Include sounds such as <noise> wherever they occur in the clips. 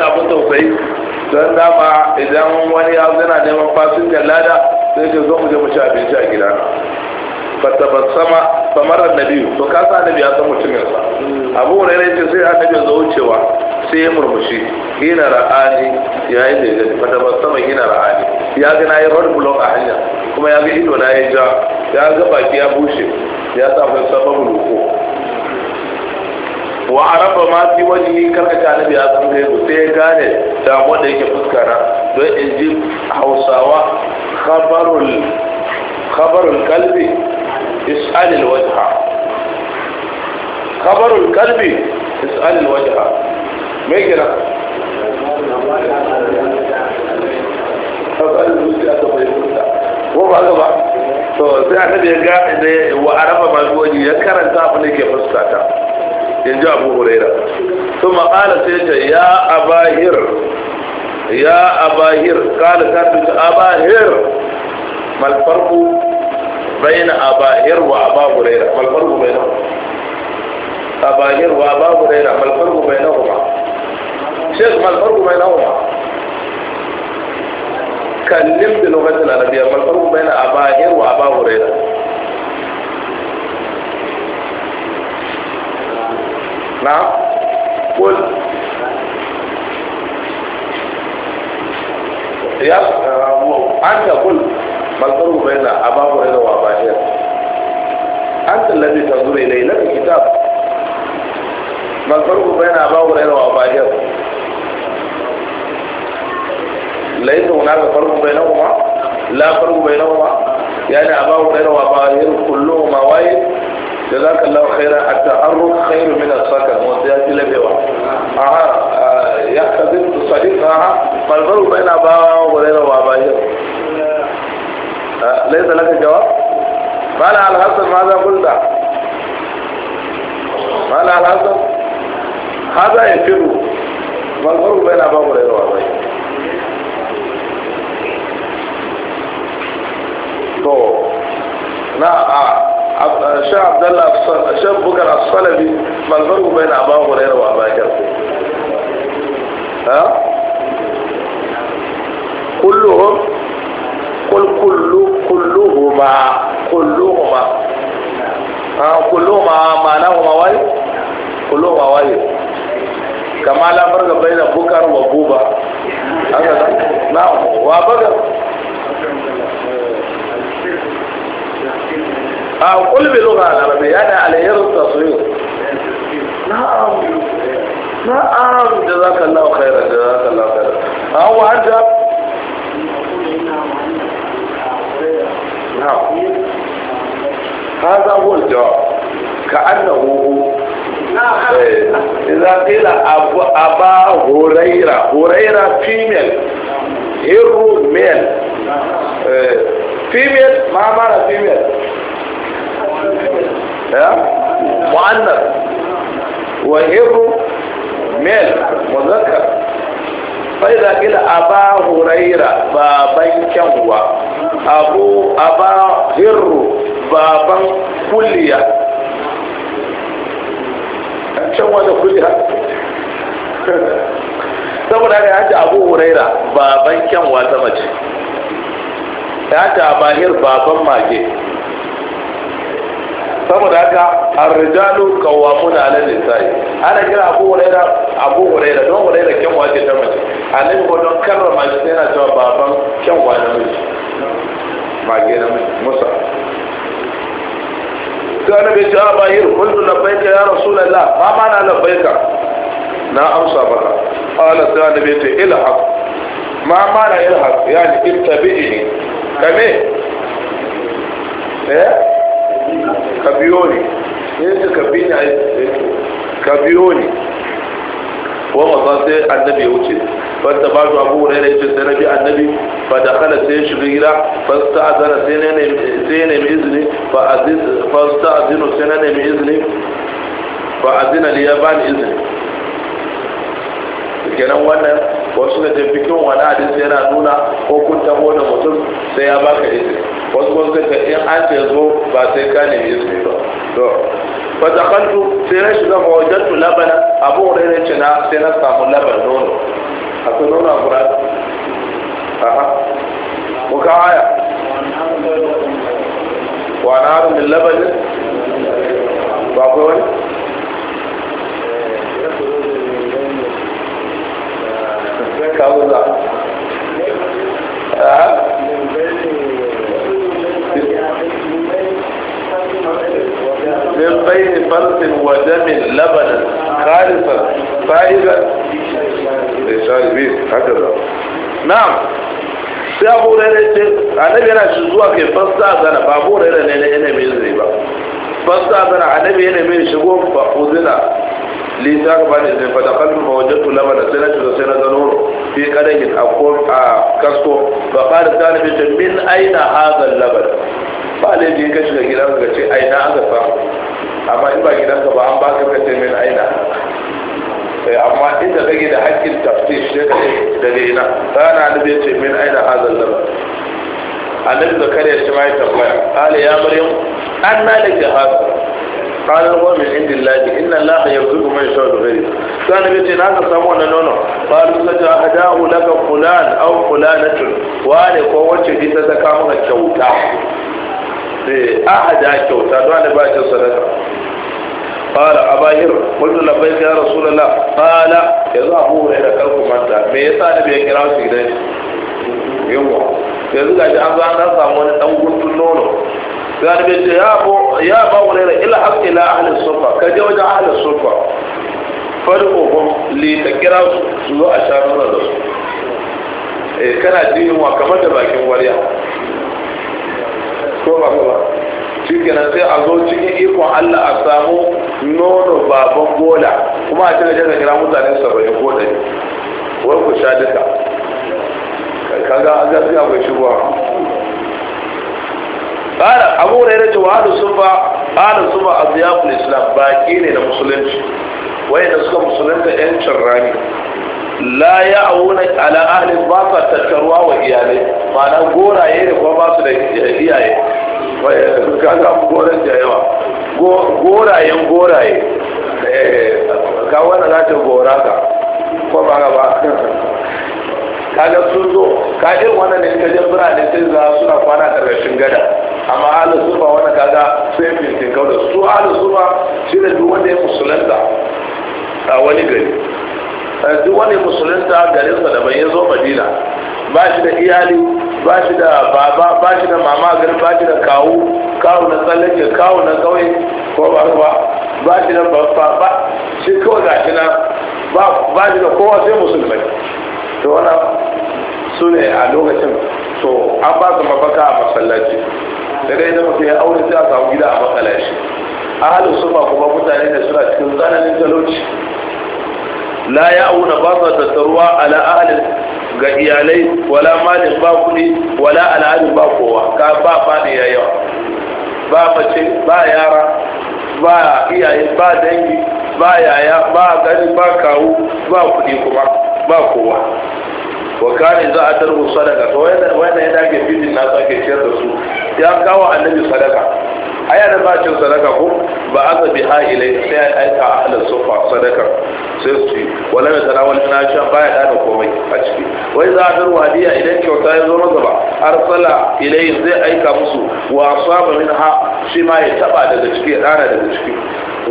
ne abin tausayi don dama idan wani ya zana neman da lada sai ke zo mu je mu ci abinci a gida fata ban sama famarar nabi to ka sa nabi ya san mutumin sa abu ne ce sai annabi ya zo wucewa sai ya murmushi hina ra'ani ya da ya fata ban sama hina ra'ani ya ga nayi rod block a hanya kuma ya ga ido na ya ja ya ga baki ya bushe ya sa sabon ruko wa araba ma fi waje karkace annabi ya san kai sai ya gane damuwa da yake fuskara don in ji hausawa khabarul khabarul kalbi is'alil wajha khabarul kalbi is'alil wajha me kira ta ko ba ga ba to sai annabi ya ga wa araba ma fi waje ya karanta abin da yake fuskata in ji abu huraira sun maƙala sai ce ya abahir ya abahir ƙala ta tuta abahir malfarku bai na abahir wa aba huraira malfarku bai na abahir wa aba huraira malfarku bai na huma shek malfarku bai na huma kallin bi lokacin arabiya malfarku bai na abahir wa aba huraira نعم قل يا أنت قل ما الفرق بين أبا هريرة وأبا هريرة أنت الذي تنظر إليه لك الكتاب ما الفرق بين أبا هريرة وأبا هريرة ليس هناك فرق بينهما لا فرق بينهما يعني أبا هريرة وأبا هريرة كلهما واحد جزاك الله خيرا التعرف خير من السكن وزيادة لبيوة آه، آه، يحتضر صديقها آه، فالبر بين ابا وغير أباها ليس لك جواب ما لا الحسن ماذا قلت ما لا الحسن هذا يفر فالبر بين ابا وغير أباها طيب. تو نعم الشيخ عبد الله شاه بكر الصلبي ما الفرق بين ابا هريره وابا بكر ها كلهم قل كل كلهما كلهما ها كلهما معناهما واي كلهما واي كما لا فرق بين بكر وبوبا هكذا نعم وابكر أو قل بلغة العربية أنا يعني عليه التصوير نعم نعم جزاك الله خيرا جزاك الله خيرا أو عجب نعم هذا هو الجواب كأنه إيه، إذا قيل أبا هريرة هريرة فيميل هيرو ميل فيميل ما معنى فيميل مؤنث وهب ميل مذكر فإذا قيل أبا هريرة بابا كهوة أبو أبا هر بابا كلية da كلية saboda ya ce abu huraira baban kyanwa ta mace ya ce bahir baban mage saboda haka ar-rijalu qawwamuna 'ala an-nisa'i ana kira Abu Hurairah Abu Hurairah don Hurairah kyan wace ta mace annabi ko don karrama sai yana cewa baban kyan wa namiji mage namiji musa sai annabi ya ce a ah, bahir kullu labbaika ya rasulullah ma na labbaika na amsa maka qala sai annabi ya ce ilhaq ma mana ilhaq yani ittabi'ni kame eh ka biyo ne sai ka bi ne ka biyo ne sai annabi ya wuce fasta ba su abu wurai da ya ce sai rabi annabi ba da kana sai ya shiga gida su a zana sai ya nemi izini ba a zina sai na nemi izini fa azina li ya ni izini kenan wannan wasu da tafi kin wani hadisi yana nuna ko kun taho da mutum sai ya baka izini wasu kuma suka in an ce zo ba sai ka nemi izini ba to fa dakhaltu sai na shiga fa wajadtu labana abu hurairah ce na sai na samu laban nono akwai nono a kurani aha ka aya wa narun min labanin ba akwai wani كابولا من بين فرط ودم لبنا خالصا فائدا لشهر بيت هكذا نعم سيابو ريلي عنابي انا شزوه كي فصا انا بابو ريلي انا ميزي با فصا انا عنابي انا ميزي شغوه فقودنا li ta ga bani sai fa dakaltu fa wajadtu labana sai na shiga sai na gano fi kadahin a a kasko fa qala talibin ta min aina hadha laban ba ne ji ka shiga gidan ka ce aina aka fa amma in ba gidan ka ba an ba ka ka ce min aina amma inda kake da hakkin tafsir sai ka daga ina kana da bai ce min aina hadha laban annabi zakariya shi ma ya tambaya qala ya maryam anna laki hadha kanin gomi indin laji inna laha ya zuru mai shan zuhari sai na bace na ka samu wannan nono ba su sace a da'u daga fulan au fulanatun wane ko wacce ji ta saka kyauta eh, a hada kyauta don wani ba ce sadaka fara a bayir kullum na bai ya rasu da fara ya zuwa abu ne da karfin manta me ya sa da bai kira su gidan yi yawa yanzu ga an zuwa an samu wani dan gudun nono galibi ce ya ba wurera ila haƙƙi ila ahalin sufa ka je wajen ahalin sufa farko ko li ta kira su zo a sha nuna da su kana jin wa kamar da bakin wariya ko ba ko ba shi kenan sai a zo cikin ikon Allah a samu nono baban bola kuma a cikin jirgin kira mutane saba'in bola ne. wai ku sha duka kaga gaskiya bai shigowa kala abu da yana cewa hada sufa hada sufa a ziyarar islam baki ne na musulunci waye suka musulunta yan carrani la ya auna ala ahli baka tattarwa wa iyale ba na goraye da kuma basu da iyaye waye suka ga goran da yawa ka kaga sun zo ka irin wannan ne ka je birane sai za suna kwana karkashin gada amma ahlu sunna wannan kaga sai fitin kawo su ahlu sunna shi ne duk wanda ya musulunta a wani gari eh, duk wani musulunta garinsa da bai zo madina ba shi da iyali ba shi da baba ba shi da mama gari ba shi da kawu kawo na tsallake kawo na kauye ko ba ba ba shi da baba ba shi kawai shi na ba shi da kowa sai musulmai to wannan su ne a lokacin to an ba su mafaka a masallaci da dai da mutum ya aure sai a samu gida a makala shi su ba kuma mutane da suna cikin tsananin talauci la ya auna ba su tattaruwa ala ahalin ga iyalai wala malin ba kuɗi wala al'adun ba kowa ka ba ba da ya yawa ba mace ba yara ba iyaye ba dangi ba yaya ba gani ba kawu ba kuɗi kuma ba kowa wa za a tarbu sadaka to wanda ya dage fitin na sake ciyar da su ya kawo annabi sadaka aya da ba cin sadaka ko ba aza bi ha ilai sai ya aika a halin sofa sadaka sai su ci wala da tara wani na ba baya da komai a ciki wai za a darwa diya idan kyauta ya zo masa ba arsala ilai zai aika musu wa asaba min ha shi ma ya taba daga ciki ya dana daga ciki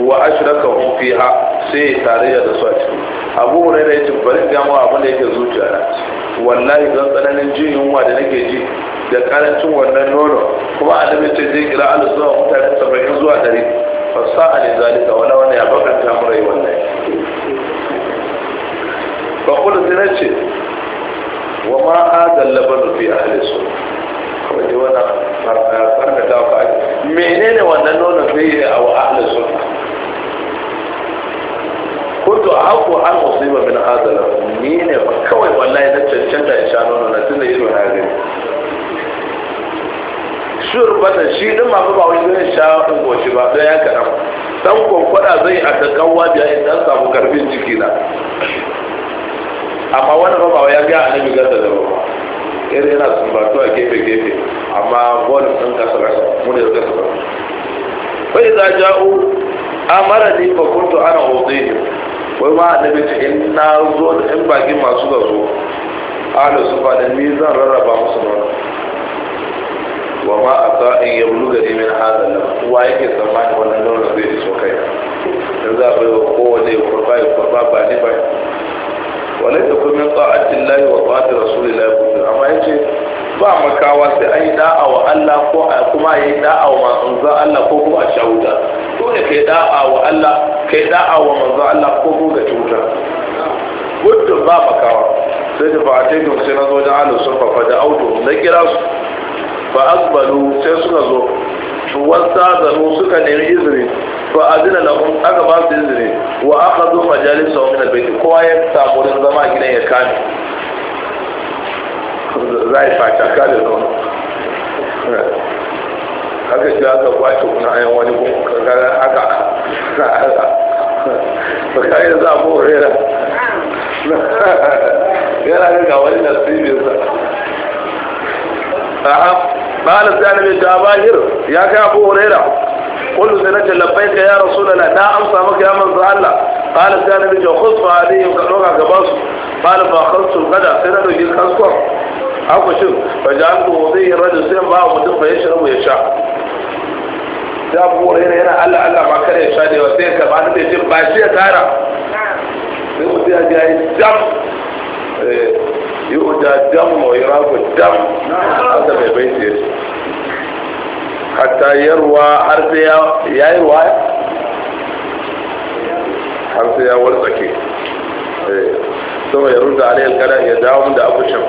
wa ashraka hum fiha sai ya tarayya da su a ciki abu ne da yake bari ga mu abin da yake zuciya na wallahi zan tsananin jin yunwa da nake ji da karancin wannan nono kuma annabi ce zai kira alusawa mutane saba'in zuwa ɗari fasa a ne zalika wani wani ya bakanta mu rai wannan ba kula ce wa ma adal labanu fi ahli sunna kuma ji farka ta fa menene wannan nono fi a wa ahli sunna kuntu aqu an min adal ni ne kawai wallahi na cancanta in sha nono na tunda yi na gani shur bata shi din ma ba wani zai sha ungoci ba dan ya karam dan kokkoda zai a takan wajiya in dan samu karfin ciki na amma wani ba ba ya ga annabi gaza da ba irin yana sumbatu a gefe gefe amma bolin sun kasa kasa mun ne kasa ba fa idza ja'u ni fa kuntu ana udihi wai ma annabi ta in na zo da in bakin masu gazo ahlus sufa da ni zan rarraba musu ba wa ma a sa'in ya buluga ne min hada nan wa yake tsammani wannan launin zai iso kai dan za a bai wa kowane ya kurba ya kurba ba ni ba wale da kuma tsa'atin lahi wa ta'atin rasulillahi kudu amma ya ce ba makawa sai an yi da'a wa Allah ko kuma yi da'a wa manzon Allah ko kuma a sha wuta dole kai da'a wa Allah kai da'a wa manzon Allah ko kuma ga cuta gudun ba makawa sai da fa'atai dum sai na zo da alu sun fafa da auto na kira su fa akbalu sai suka zo wasa zanu suka nemi izini fa adina lahum aka ba su izini wa aka zo majalisa min albayt kowa ya samu wurin zama gidan ya kame zai fata ka da nono haka shi aka kwace kuna ayan wani kaga haka ba ka yi za mu rera yana ga wani nasibinsa qala sai annabi ta bahir ya kai abu huraira kullu sai nace labbaika ya rasulullah na amsa maka ya manzo Allah qala sai annabi ta khusfa alayhi ka doka gaba su qala fa khasul sai na doki kaskon haka shin fa ja'altu wadhi rajul sai ba mutum fa yashrabu ya sha da buwar yana yana Allah Allah ba kare ya sha sai ka ba shi ya sai ya yi yu'da dam wa yuraku dam haka mai baiti ya ce hatta yarwa har sai ya yi ruwa har sai ya wartsake sama ya runda alayhi kada ya dawo da akushin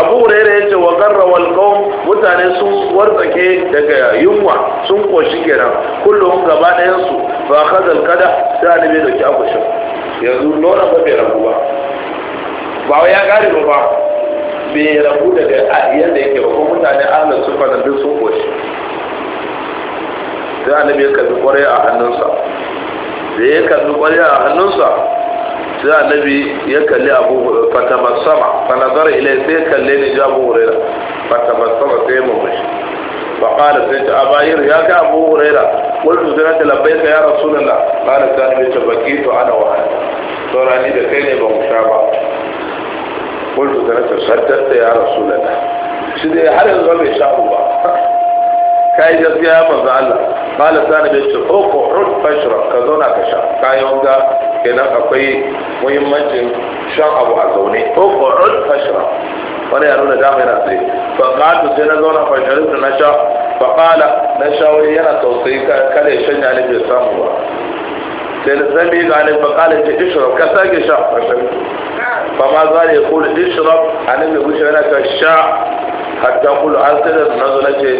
abu huraira ya ce wa garra wal qawm mutane sun wartsake daga yunwa sun koshi kenan kullum gaba ɗayan su fa khazal kada sai annabi da ki akushin yanzu lora ba bai rabu ba ba wai ya mu ba me rabu da yadda yake ba ko mutane ahlus sufa da duk sun koshi sai annabi ya kalli kwarai a hannunsa da ya kalli kwarai a hannunsa sai annabi ya kalli abu sama. fa nazara ilai sai kalle ni jabu huraira sama sai mu mushi. fa qala sai ta abayir ya ka abu huraira qultu sai ta labbaika ya rasulullah qala sai annabi ta bakitu ana wa saurani da kai ne ba mu sha ba قلت تنسى حتى يا رسول الله سيدي حال الغرب يا شعب الله كاي جزء يا مزع الله قال سانا بيشتر اوكو حد فشرة كذونا كشعب كاي يونجا كنا اقوي مهم مجم شعب ابو عزوني اوكو حد فشرة وانا يرون جامعنا سيدي فقال سينا زونا فشرة نشا فقال نشا ويانا توصيك كالي شنع لبي سامو sai da sami ga nan fa kala ce ishrab ka sake sha Ba ma za ya kula ishrab anan mai wuce yana ka sha hatta kula an sai da nazo na ce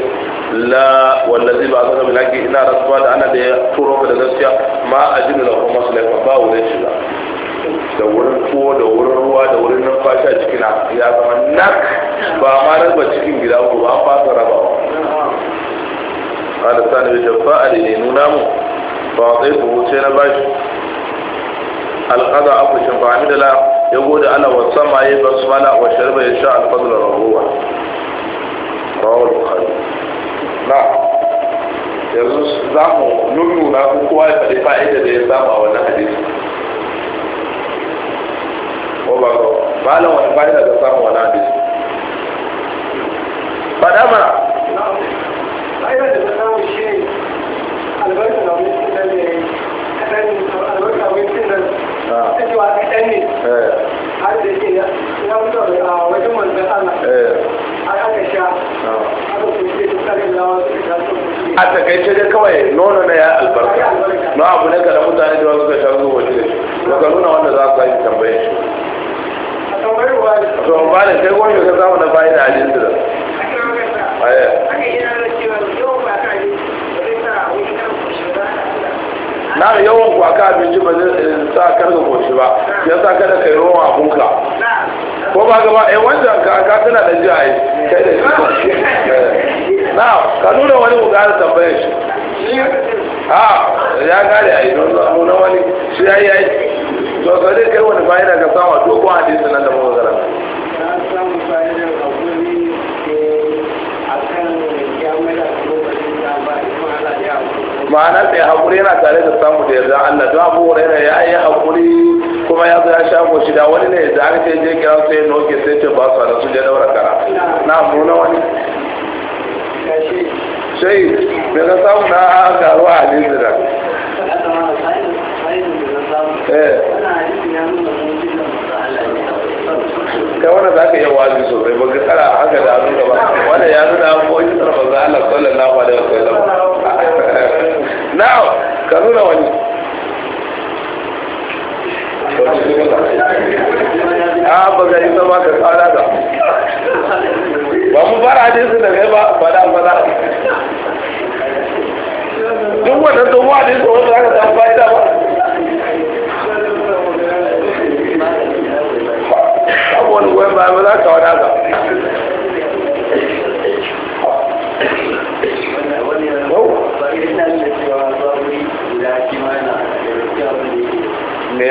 la wallazi ba zaka bilaki ina rasuwa da ana da ya turo ka da gaskiya ma a ajinu da kuma sulaiman ba wurin shiga da wurin tuwo da wurin ruwa da wurin numfashi a cikin ya zama nak ba ma raba cikin gida uku ba fasa rabawa. Ala sani bai jabba a nuna mu Ba a sai ku sai na bashi alqada abu shin fa amidala ya gode ala wa sama ya basmala wa sharba ya sha ruwa. rahuwa rawal bukhari na yanzu za mu nuna ku kowa ya faɗi fa'ida da ya samu a wannan hadisi ko ba ko malam wani fa'ida da samu wannan hadisi faɗa mana don abu ne kada mutane da suka taso waje da da ka nuna wanda za ka yi tambaye shi to ba ne sai wani ka samu na bayan ajinsu da aya na da yawan ku aka abinci ba zai eh, sa karga goshi ba ya sa kada kai ruwan abunka ko ba gaba ai eh, wanda ka ka tana da ji ai kai da shi <laughs> eh. na ka nuna wani mu tambayar shi a ya gane a idan zamu na wani shi ya yi ya yi to sai kai wani fa'ida ka samu dogon hadisi nan da mu zara ma'ana mai haƙuri yana tare da samu da yarda Allah don abu raina ya yi haƙuri kuma ya zo ya sha goshi da wani ne da aka je kira sai ya noke sai ce ba su da su je daura kara na nuna wani sai da na samu na a karuwa a nizira da eh. kai wanda za ka iya wazi so bai ka tsara haka da hannun gaba wanda ya nuna ko yi tsara manzo Allah sallallahu alaihi Na now ka nuna wani a ah, ba ga yi ka tsara da ba mu fara hadisin da kai ba fada fada duk wannan tsohon hadisin wanda aka samu fa'ida ba abubuwan goyon ba ba za ka wada ba Me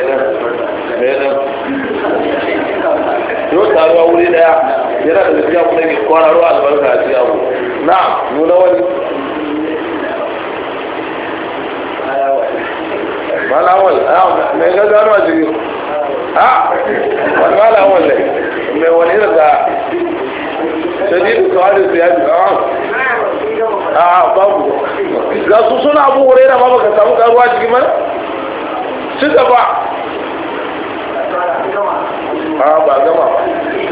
wuri daya yana da gaskiya kuma ne kwararo albarka a cikin abu na nuna wani malawal mai gaza a cikin a wani malawal ne mai wani daga shadidu tsawarin su ya fi a ah, babu ga su suna abu wurai da ma baka samu karuwa cikin mana ci gaba a ah, ba gama ba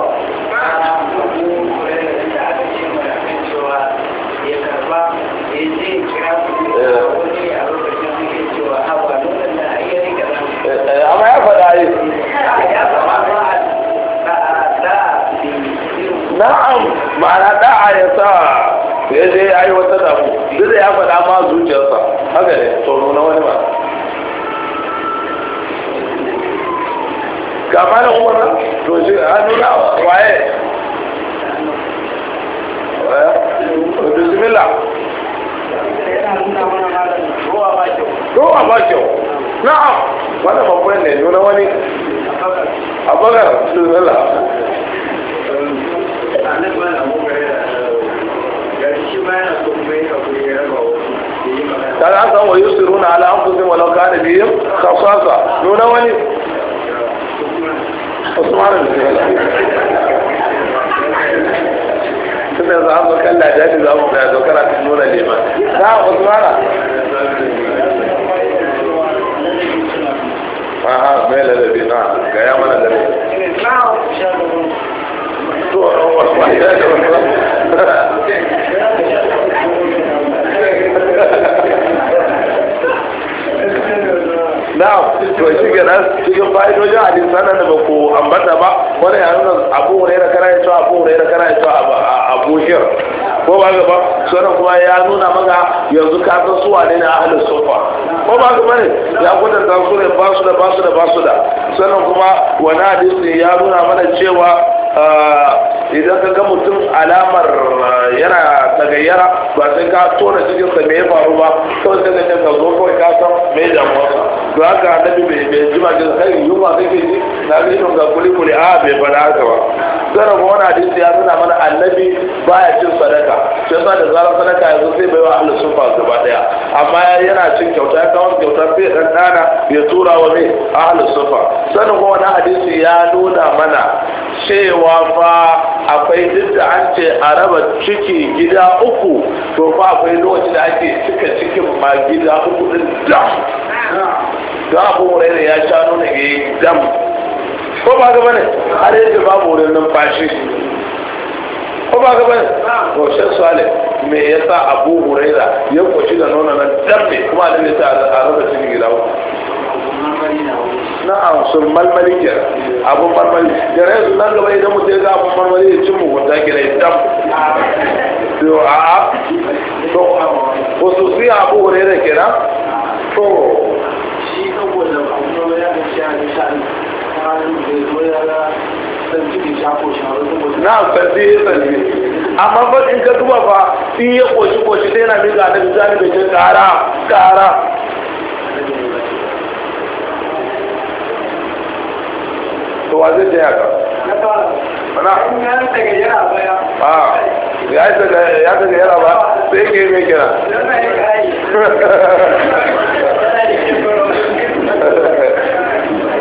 ma'ana a ya sa ya je ya yi wata damu duk da ya faɗa ma zuciyarsa haka ne tsoro na wani ba kama na umar to shi a nuna waye eh, ruwa ba kyau na'am wani babban ne nuna wani a bakar bismillah قال عسى ويسرون على انفسهم ولو كان بهم خصاصة دون ولي اسمعنا بسم الله كنت اذا عسى كان لا جاهز اذا ابو بعد وكان عسنون الايمان نعم اسمعنا آه، اها ميل الذي نعم كيامنا الذي نعم شاب na'am to shi ga nan cikin fa'idojin hadisan nan da ba ku ambata ba wani ya nuna abu hurairah kana ya cewa abu hurairah kana ya cewa abu ko ba gaba sauran kuma ya nuna maka yanzu ka san su wane ne ahlus sufa ko ba gaba ne ya kwatanta su ba su da ba su da ba su da sannan kuma wani hadisi ya nuna mana cewa Ah, idan ka ga mutum alamar ah, yana tagayyara ba sai ka tona cikin sa ya faru ba kawai sai ka ka zo kawai ka san me damuwarsa to haka annabi bai bai ji bakin kai yunwa kake ji na bi don ga kuli kuli a bai fara haka ba sai ga wani hadisi ya nuna mana annabi baya cin sadaka sai yasa da zarar sadaka yanzu sai bai wa ahlus sufa gaba daya amma yana cin kyauta ya kawo kyauta sai dan dana ya tura wa mai ahlus sufa sai ko wani hadisi ya nuna mana cewa fa akwai duk da an ce a raba ciki gida uku to fa akwai lokaci da ake cika cikin ma gida uku din da don abu hurairu ya sha nuna ga eh, yi dam ko ba gaba ne har yadda babu wurin numfashi ko ba gaba ne goshen swale me ya sa abu hurairu ya kwaci da nuna nan dam ne kuma da ne ta a da cikin gida na a sun malmali ke abu malmali gare su nan gaba idan mutum ya ga abun malmali ya cin mugun ta gina dam to a to khususiya abu hurairu kenan zo ya ga a ya ga na santi ya santi amma fa in ka duba fa in ya koshi koshi sai na miƙa da bisani da ke ƙara ƙara to wa zai taya ka mana a ya yi tagayyara ba sai ke mai kira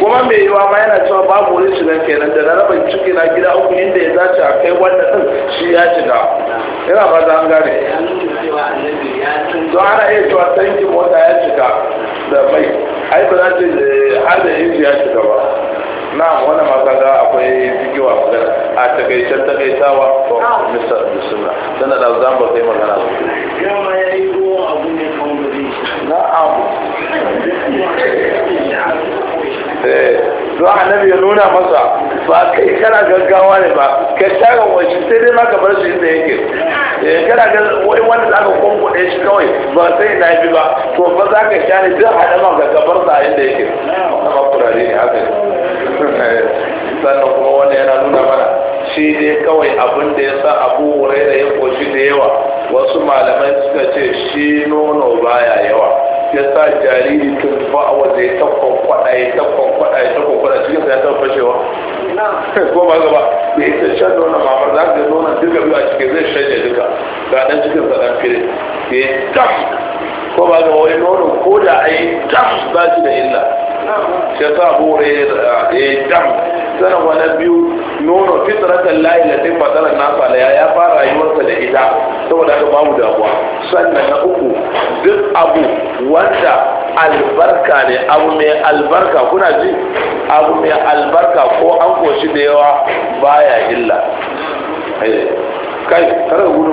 kuma mai yiwa ma yana cewa babu wurin shiga kenan da na rabin ciki na gida uku inda ya dace a kai wanda din shi ya shiga yana ba za an gane don ana iya cewa tankin mota ya shiga da mai ai ba za ta eh, har da yin ya shiga ba na wani ma akwai jigiwa magana a takaicen takaitawa ko mr bisimila tana da zamba kai magana su na'am <laughs> Eh, zuwa annabi ya nuna masa ba kai kana gaggawa ne ba ka tara wajen sai dai maka bar shi inda yake eh, kana ga wai wanda zaka ka shi kawai ba sai na bi ba to ba za ka sha ne duk ma ga gabar sa inda yake amma kurare ne haka eh, sannan kuma wannan yana nuna mana shi dai kawai abin da ya sa abu wurai da ya koshi da yawa wasu malamai suka ce shi nono baya yawa ya sa jariri tun ba a wanda ya tabbar kwada ya tabbar kwada ya tabbar kwada cikin sa ya tabbar fashewa <laughs> ko ba gaba da ya ta shan nuna mamar za ka nuna duka biyu a cikin zai shanye duka ga dan cikin sa dan fire ya yi tam ko ba gaba wani nono ko da a yi tam ba shi da illa shi ya sa abu ya yi tam sana wana biyu nono fitratan layi latin fatarar nasa da ya fara rayuwarsa da ita saboda babu damuwa sannan na uku duk abu wanda albarka ne abu mai albarka kuna ji abu mai albarka ko an koshi da yawa baya illa eh, kai kare gudu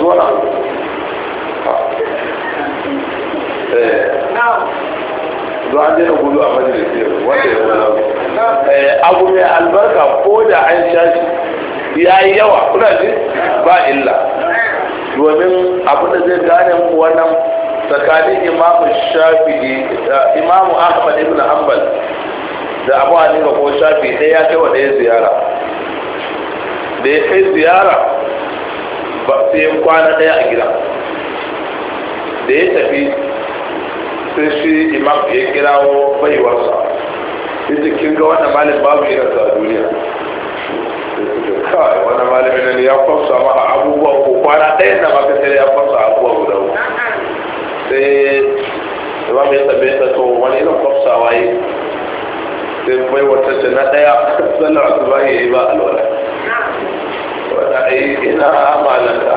zuwa na eh. to an daina gudu a majalisi wanda ya zama eh, abu mai albarka ko da an sha ya yi yawa kuna ji ba illa domin abin da zai gane mu wannan tsakanin imamu Shafi da imamu ahmad ibn hanbal da abu hanifa ko shafi ɗaya ya kai wa ɗaya ziyara da ya kai ziyara ba sai kwana ɗaya a gida da ya tafi sai shi imam ya kira kirawo baiwarsa inda kin ga wannan malin babu irin sa duniya kawai wannan malamin ne ya kwamsa maka abubuwa ko kwana ɗaya na maka sai ya kwamsa abubuwa guda uku sai imam ya tabe ta to wani irin kwamsa waye sai bai wata ce na ɗaya sallar asuba ya yi ba alwala wata ayi ina amalanta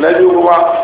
na biyu kuma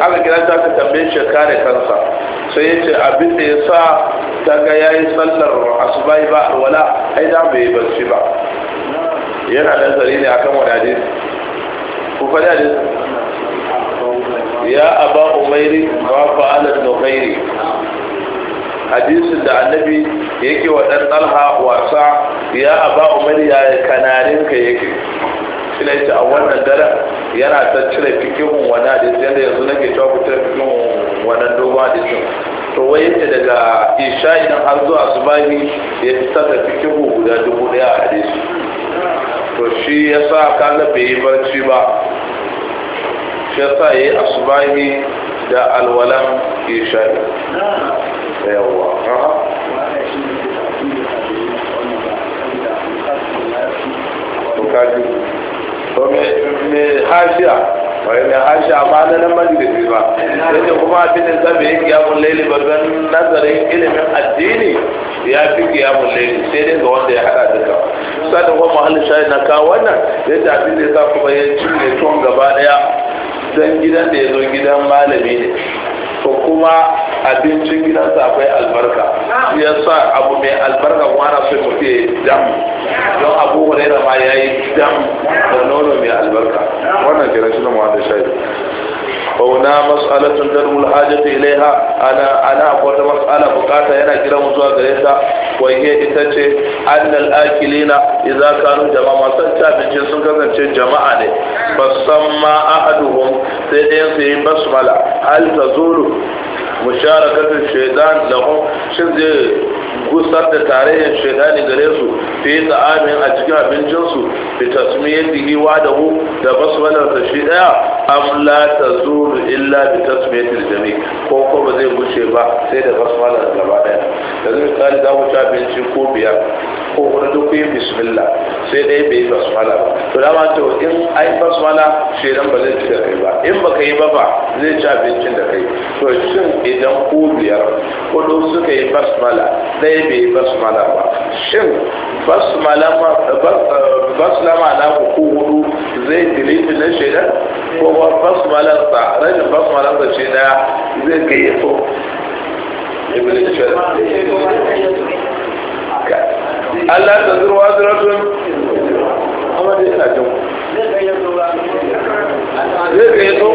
aka kira ta ta tambaye shi kare kansa sai ya ce abin da ya sa ta ga ya yi sallar asubai ba alwala ai da bai barci ba yana nazari ne akan wani hadisi ku faɗi hadisi ya aba umairi wa fa'alat nukairi hadisin da annabi yake wa ɗan talha wasa ya aba umar ya kanarin ka yake ina ta a wannan daren yana ta cire fikihun wani hadisi yadda yanzu nake cewa ku cire fikihun wani dogon hadisi to wai yadda daga isha'i nan har zuwa subahi ya fitar da fikihu guda dubu daya a hadisi to shi ya sa kaga bai yi barci ba shi ya sa ya yi asubahi da alwalan isha'i yawwa kaji to me hashiya wai me hashiya ba na nan majalisi ba yace kuma abin da zabe yake ya mun laili babban nazarin ilimin addini ya fi kiyamun laili sai dai ga wanda ya hada duka sanin wa mahallin shayi na kawo wannan yadda abin da ya kuma ya cinye tuwon gaba daya don gidan da ya zo gidan malami ne to kuma abincin gidansa akwai albarka shi ya sa abu mai albarka kuma ana so mu fiye dam don abu hulaira ma ya yi dam da nono mai albarka wannan kira shi na muhammadu shayi. fauna mas'alatun darul hajatu ilaiha ana ana wata mas'ala bukata yana kira mu zuwa gare ta waye ita ce annal akilina idza kanu jama'a masu abinci sun kasance jama'a ne basamma ahaduhum sai ɗayan su yi basmala hal tazulu مشاركة الشيطان لهم شن gusar da tarayyar shaidani gare su fi amin a cikin abincinsu bi yi wa da hu da da shi daya an lata zuru illa bi da jami ko ko ba zai bushe ba sai da da gaba daya zai tsari za mu ci abinci ko biyar ko wani duk yin bismillah sai dai bai basmala ba to ma to in ai basmala shaidan ba zai ci da kai ba in baka yi ba ba zai ci abincin da kai to shin idan ko biyar ko suka yi basmala sai bai basmala ba shin basmala na ku hudu zai diliti na sheda ko ba ta rashin basmalarsa ta sheda zai yato gayyato iblis shaidan Allah ta zirwa ziratun amma dai ina jin zai yato zai yato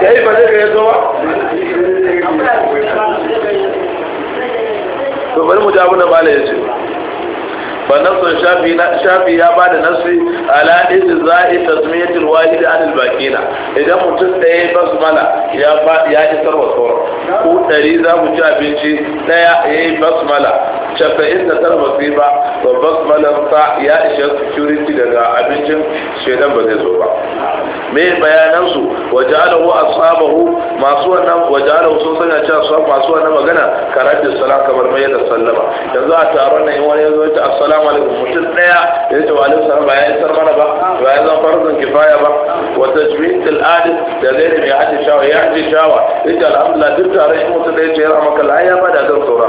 da yi ba zai ga ya ba to bari mu ji abin da mala ya ce fa nasun shafi shafi ya ba da nasu ala istizai tasmiyatul wahid an al baqina idan mutum daya mala ya ya isar wa sauran ku dari za mu ci abinci daya yayi mala. casa'in da tara masu ba babban malamta ya isa security daga abincin shaidan ba zai zo ba me bayanansu waje alahu a ashabahu masu wannan waje alahu sun sanya cewa su masu wannan magana karatu salam kamar mai yadda sallama yanzu a taron nan wani ya zo ya ce assalamu alaikum mutum daya ya ce wa alaikum salam ba ya isar mana ba ba ya zama farzan kifaya ba wa tajmid al da zai mai hajji shawa ya hajji shawa ya ce alhamdulillah duk taron in mutum da ya ce ya ramaka la ya bada zan saura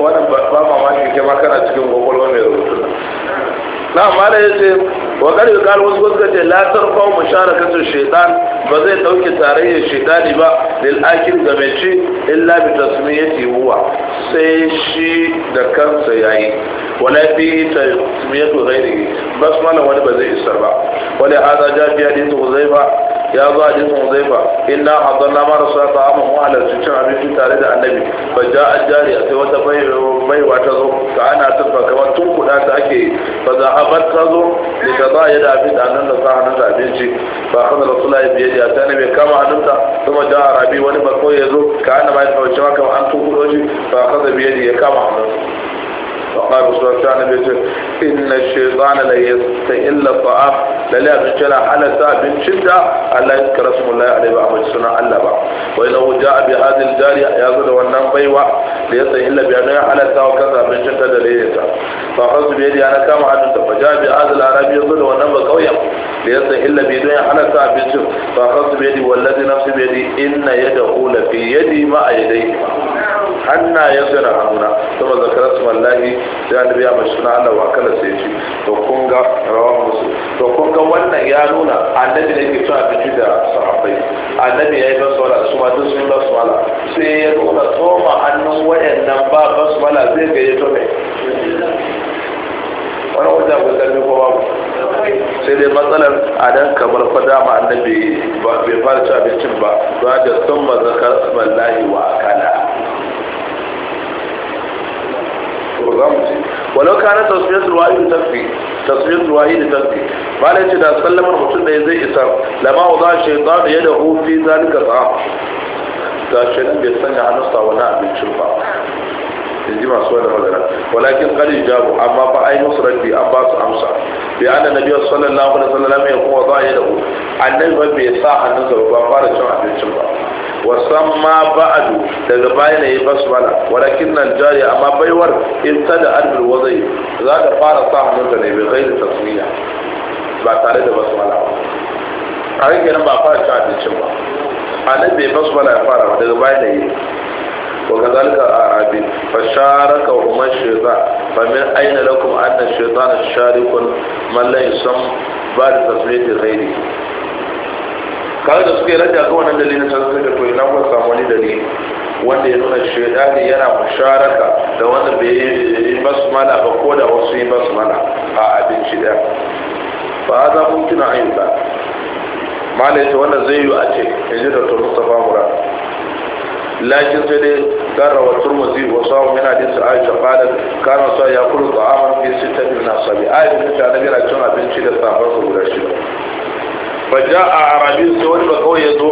wani ba mamaki ke ma cikin kwakwalwa mai rubutu na mala ya ce wa kar yi kalu wasu wasu ce la tarfa kasu shaitan ba zai dauke tarayyar shaitani ba lil akil ga mai ci illa bi tasmiyati huwa sai shi da kansa yayi wala bi tasmiyatu ghairihi bas mana wani ba zai isar ba wala hada ja fi hadith huzaifa ya zo hadith huzaifa inna hadanna ma rasulullah ta'amu halarci cin abinci tare da annabi a jari a sai wata baiwa ta zo ka ana tabbaka wa tun kuda ta ake fa za'a bar ta zo da za a yi da abin da annan da sa hannun da abinci ba kan rasula ya biye ya ta ne mai kama hannunta kuma da arabi wani bako ya zo ka ana ba ya tsawace maka an tukudo shi ba kan da biye ya kama hannunsa sahabi su ta nabi ce inna shaytana la yasta'illa ta'af la la yajala halata bin shidda Allah ya kira smullahi alaihi wa amma sunan Allah ba wa ila jaa bi hadhihi al-jariya ya zo da wannan baiwa da yasta'illa bi anna halata wa kaza bin shidda da layyata fa hasu bi yadi ana kama hannun ta faja bi hadhihi al-arabi ya zo da wannan ba kauya da yasta'illa bi dan halata bin shidda fa hasu bi yadi wallazi nafsi bi yadi inna yadahu la fi yadi ma aydayhi hannayensa da hannuna sama zakarar su wallahi sai annabi ya mashi suna Allah wa kala sai ci to kun ga rawan musu to kun ga wannan ya nuna annabi ne ke cewa biki da sahabbai annabi ya yi basmala su ma duk sun yi basmala sai ya nuna tsoma hannun wayannan ba basmala zai gaye to ne wani wajen gudanar ko babu? sai dai matsalar a nan kamar fa dama annabi bai fara cin abincin ba ba da sun mazakar mallahi wa akala to za mu ce walau kana tasmiyatul wahid tasbih tasmiyatul wahid tasbih malai ce da sallamar mutum da zai isa lama wada shaytan yadahu fi zalika sa'a da shaytan bai sanya hannunsa wannan abincin ba yanzu masu wani magana walakin kali jabu amma fa ai musu rabbi an ba su amsa bi anna nabiy sallallahu alaihi wasallam kuma zai da annabi bai sa hannunsa ba fara cin abincin ba وسمى بعد تغباين يبسملة ولكن الجارية أما بيور ابتدأت بالوضعي ذاك فارة صاحب مدني بغير تسمية بعتاري بسملة a rage nan ba a fara ci abincin ba a nan bai basu ya fara daga bayan da yi wa ga zalika a arabi fa sharaka wa man shayta fa min aina lakum anna shaytana sharikun man la ba da tasmiyati ghairi kawai da suka yi raja ga wannan dalilin sai suka to ina kuka samu wani dalili wanda ya nuna shaidani yana musharaka da wanda bai yi basu mana ba ko da wasu yi basu mana a abinci ɗaya ba a za mun tuna ayyuka mala ya ce wanda zai yi a ce in ji da dr mustapha murad lakin sai dai gara wa turmuzi wa yana min hadisi aisha qalat kana sa yakulu ta'aman fi sittatin nasabi ayyuka da nabi na cin abinci da su guda shida faja a arabi sai wani ba kawai ya zo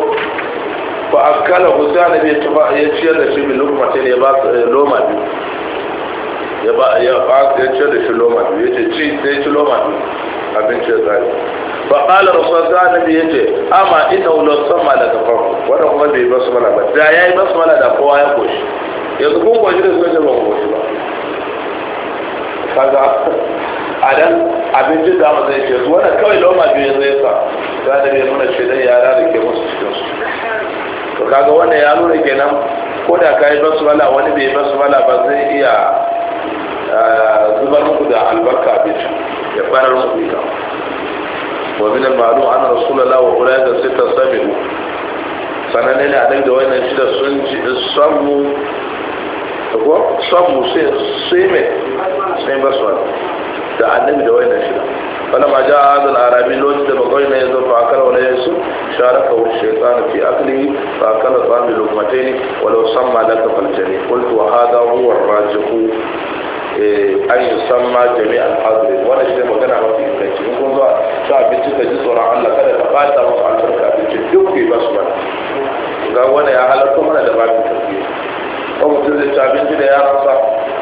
fa akala husa na bai tufa ya ciyar da shi bin lukumata ne ya ba loma biyu ya ba ya ba ya ciyar da shi loma biyu ya ce ci sai ci loma biyu abinci ya tsari Ba kala rasul sa na bai ya ce amma ina wulon sama daga farko wanda kuma bai basu mala ba da ya yi basu mala da kowa ya koshi yanzu kun koshi da suka ce ba koshi ba kaga a abin abincin da mu zai ce wannan kawai loma biyu zai sa za da bai nuna ce yara da ke musu cikin su to kaga wannan ya nuna kenan ko da ka yi basmala wani bai basmala ba zai iya eh, zubar muku da albarka abincin ya fara muku ita wa min al-ma'lum anna rasulullah wa ulaika sita sami'u sananne ne a da wannan shida sun ji samu ko samu sai sai mai sai basmala da annabi da wayannan shida wala ma ja hada al-arabi lokacin da bagwai ne yazo fa akala wala yasu sharaka wa shaytan fi aklihi fa akala tsabi luqmatayn walau samma laka faljani qultu wa hada huwa ar-rajihu eh, an yi san ma jami'an hadirin wanda shi ne magana mafi inganci in kun zuwa ta abinci ka ji tsoron allah kada ka bata musu albarka abinci duk ku yi basu ba ga wani ya halarta mana da babin tarbiyya ko mutum zai ci abinci da yaransa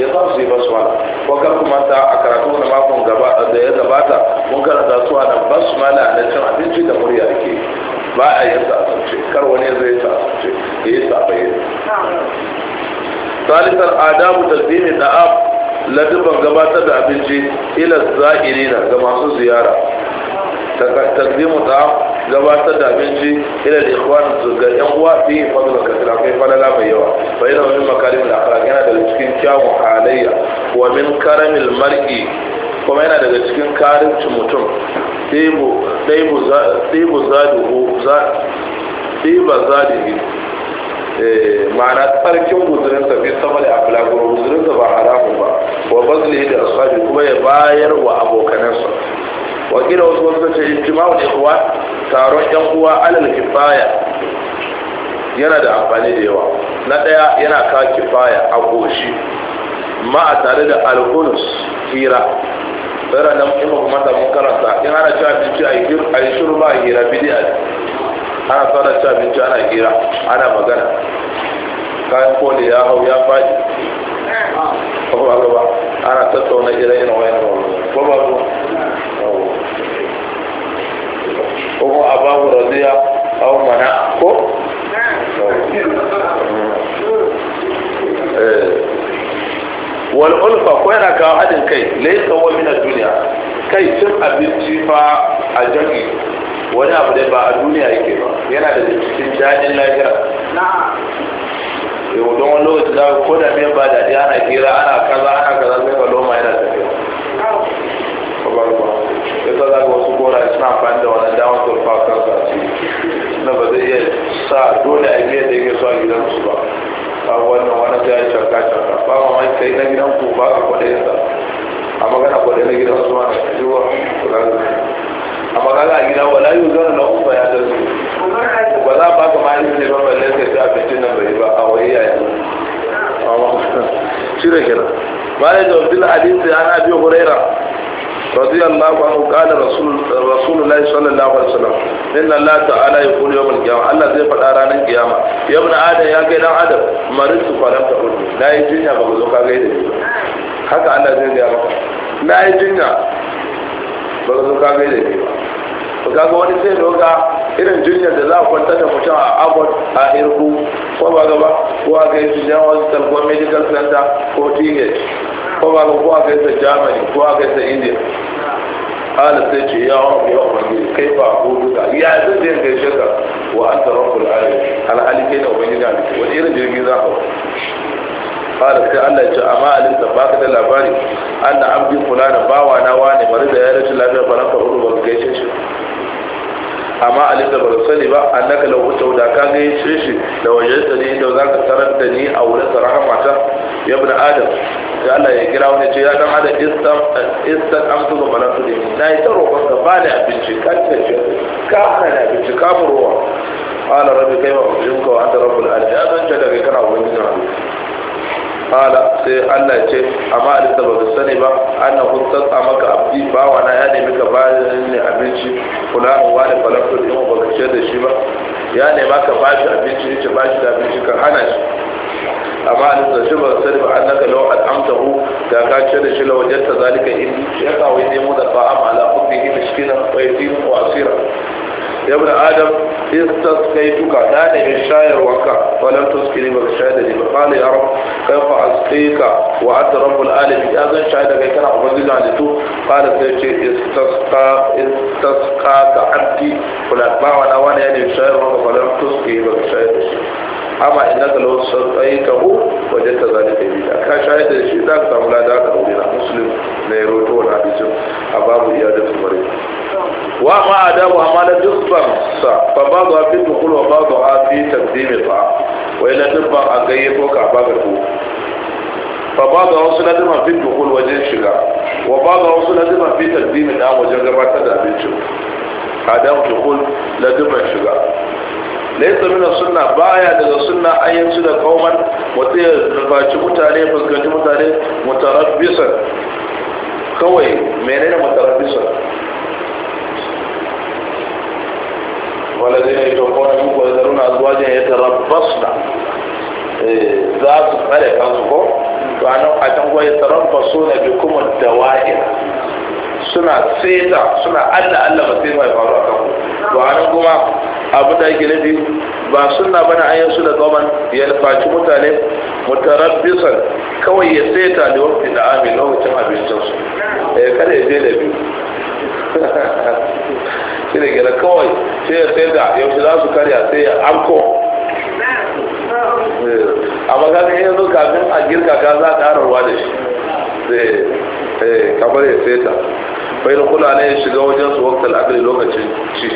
ya za su yi basmala ko kar ku manta a karatu na makon da ya gabata mun karanta su a nan basmala na cin abinci da murya ke ba a yi sa asirce kar wani ya zai sa asirce ya yi sa bayyana da آداب تقديم الدعاب لدبن gabatar da abinci ila za'irina ga masu ziyara تقديم الدعاب gabatar da abinci ila da ikhwan ga yan uwa fi fadlan kasira kai falala mai yawa fa yana min makarim da akhlaq yana daga cikin kyawun halayya wa min karamil mar'i kuma yana daga cikin karinci mutum ɗaibu zaduhu ɗiba zadihi eh, ma'ana tsarkin guzurinsa fi sama da afilagoro guzurinsa ba haramu ba wa bazli da ashabi kuma ya bayar wa abokanansa wakila wasu wasu ce ijma'ul kuwa? taron yan uwa alal kifaya yana da amfani da yawa na daya yana ka kifaya a koshi. ma a tare da alkunus hira tsara nan in kuma mata mun karanta in ana ci abinci a yi ba a hira bidiya ana tsara ci abinci ana hira ana magana kayan kone ya hau ya faɗi ko ba ba ana tattauna ire-iren wayan ko ba ba kuma a babu radiya au mana ko wal ulfa ko yana kawo haɗin kai laisa wa min duniya kai cin abinci fa a jami wani abu da ba a duniya yake ba yana da cikin daɗin lahira yau don wani lokaci za ko da mai ba daɗi ana kira ana kaza ana kaza sai ba loma yana da ko ba ba sai ta ko wasu gora suna amfani da wani damar turfa kan sa na ba zai iya sa dole a biyar da yake so a gidan su ba ba wannan wani ta yi shaka shaka ba ma mai kai na gidan ku ba ka kwaɗayin sa a magana kwaɗayin na gidan su ma na kajiwa ku zaga amma kaga a gida wala yi zana na uba ya tarsu ba za ba ka ma yi ne ba balle sai ta abincin nan bai ba a waye yaya shi da kira bayan da abdul hadisi an abi huraira رضي الله عنه قال رسول رسول الله صلى الله عليه وسلم ان الله تعالى يقول يوم القيامه الله ranar kiyama ya adam ya kai dan adam maritu falam ta urdu na yi jinya ba zo ka ga da haka Allah zai ga maka na yi jinya ba zo ka ga da ba to kaga wani zai doka irin jinya da za a kwanta da mutum a abot a irku ko ba gaba ko a kai sun jan hospital ko medical center ko TH, ko ba ga ko a kai sa germany ko a kai sa india ala sai ce ya wani biya ubangiji kai ba ko duka ya zai zai kai shaka wa an tsaron kulare alhali kai da ubangiji da ke wani irin jirgin za ka ala sai allah ce amma alisa ba ka da labari an na kula da bawa na wane bari da ya rashin lafiya faransa hudu ba ka gaishe shi amma alim da bar sani ba annaka law utawda ka ga yace shi da wajenta ne da zaka tarar da ni a wurin rahmata ya ibn adam da Allah ya kira wani ce ya dan adam istan istan amsu ga malatu ne na yi taro ban ka ba da abinci ka tace ka hana da abinci ka furowa qala rabbi kayfa ujibka wa anta rabbul alamin ya zan ta daga kana ubangijin halittu qala sai Allah ce amma alisa ba sani ba anna kun tsatsa maka abdi bawa na ya nemi ka bayan ne abinci kula wa da falafel da yau baka ce da shi ba ya nema ka bashi abinci ne ce ba shi da abinci kan hana shi amma alisa shi ba sani ba an annaka law al'amtahu da ka ce da shi lawajenta zalika in ya kawo ya nemo da ba'am ala kubbihi miskina wa yatimin wa asira ya bin adam istasqaituka na nemi shayarwarka walam tusqini ba shayar da ni ba qala kai rab a asqika wa anta rabbul alamin ya zan shayar da kai kana ubangiji halittu qala sai ce istasqa ta ka abdi kula ba wani na wani ya nemi shayarwarka walam tusqini ba shayar da shi amma innaka law sarqaitahu wajadta zalika bi ka shayar da shi za ka samu lada ka wa ma adabu amala dubban sa fa ba za fi dukul wa ba za a fi taqdimi ba, wa ila dubban a gayyafo ka ba ga to fa ba za wasu na dubban fi dukul wajen shiga wa ba za wasu na dubban fi taqdimi da wajen gabatar da abincin adam dukul na dubban shiga laisa mina sunna baya daga sunna an yanzu da kauman wata ya nufaci mutane fuskanci mutane mutarabbisan kawai menene mutarabbisan والذين يتوفون منكم ويذرون أزواجا يتربصن ذات ملك أنصفه وأنه أتم ويتربصون بكم الدوائر suna seta suna allah allah ba sai mai faru a kanku ba nan kuma abu da yake nufi ba suna bana an yansu da zaman ya nufaci mutane mutarabbisan kawai ya seta abincinsu kada ya je da biyu shi da gina kawai sai ya sai da yaushe za su karya sai ya amko eh, amma ka ga yanzu kafin a girka ka za a ƙara ruwa da shi eh, eh, kamar ya sai ta bai da kula ne ya shiga wajen su wakta al'adari lokacin ci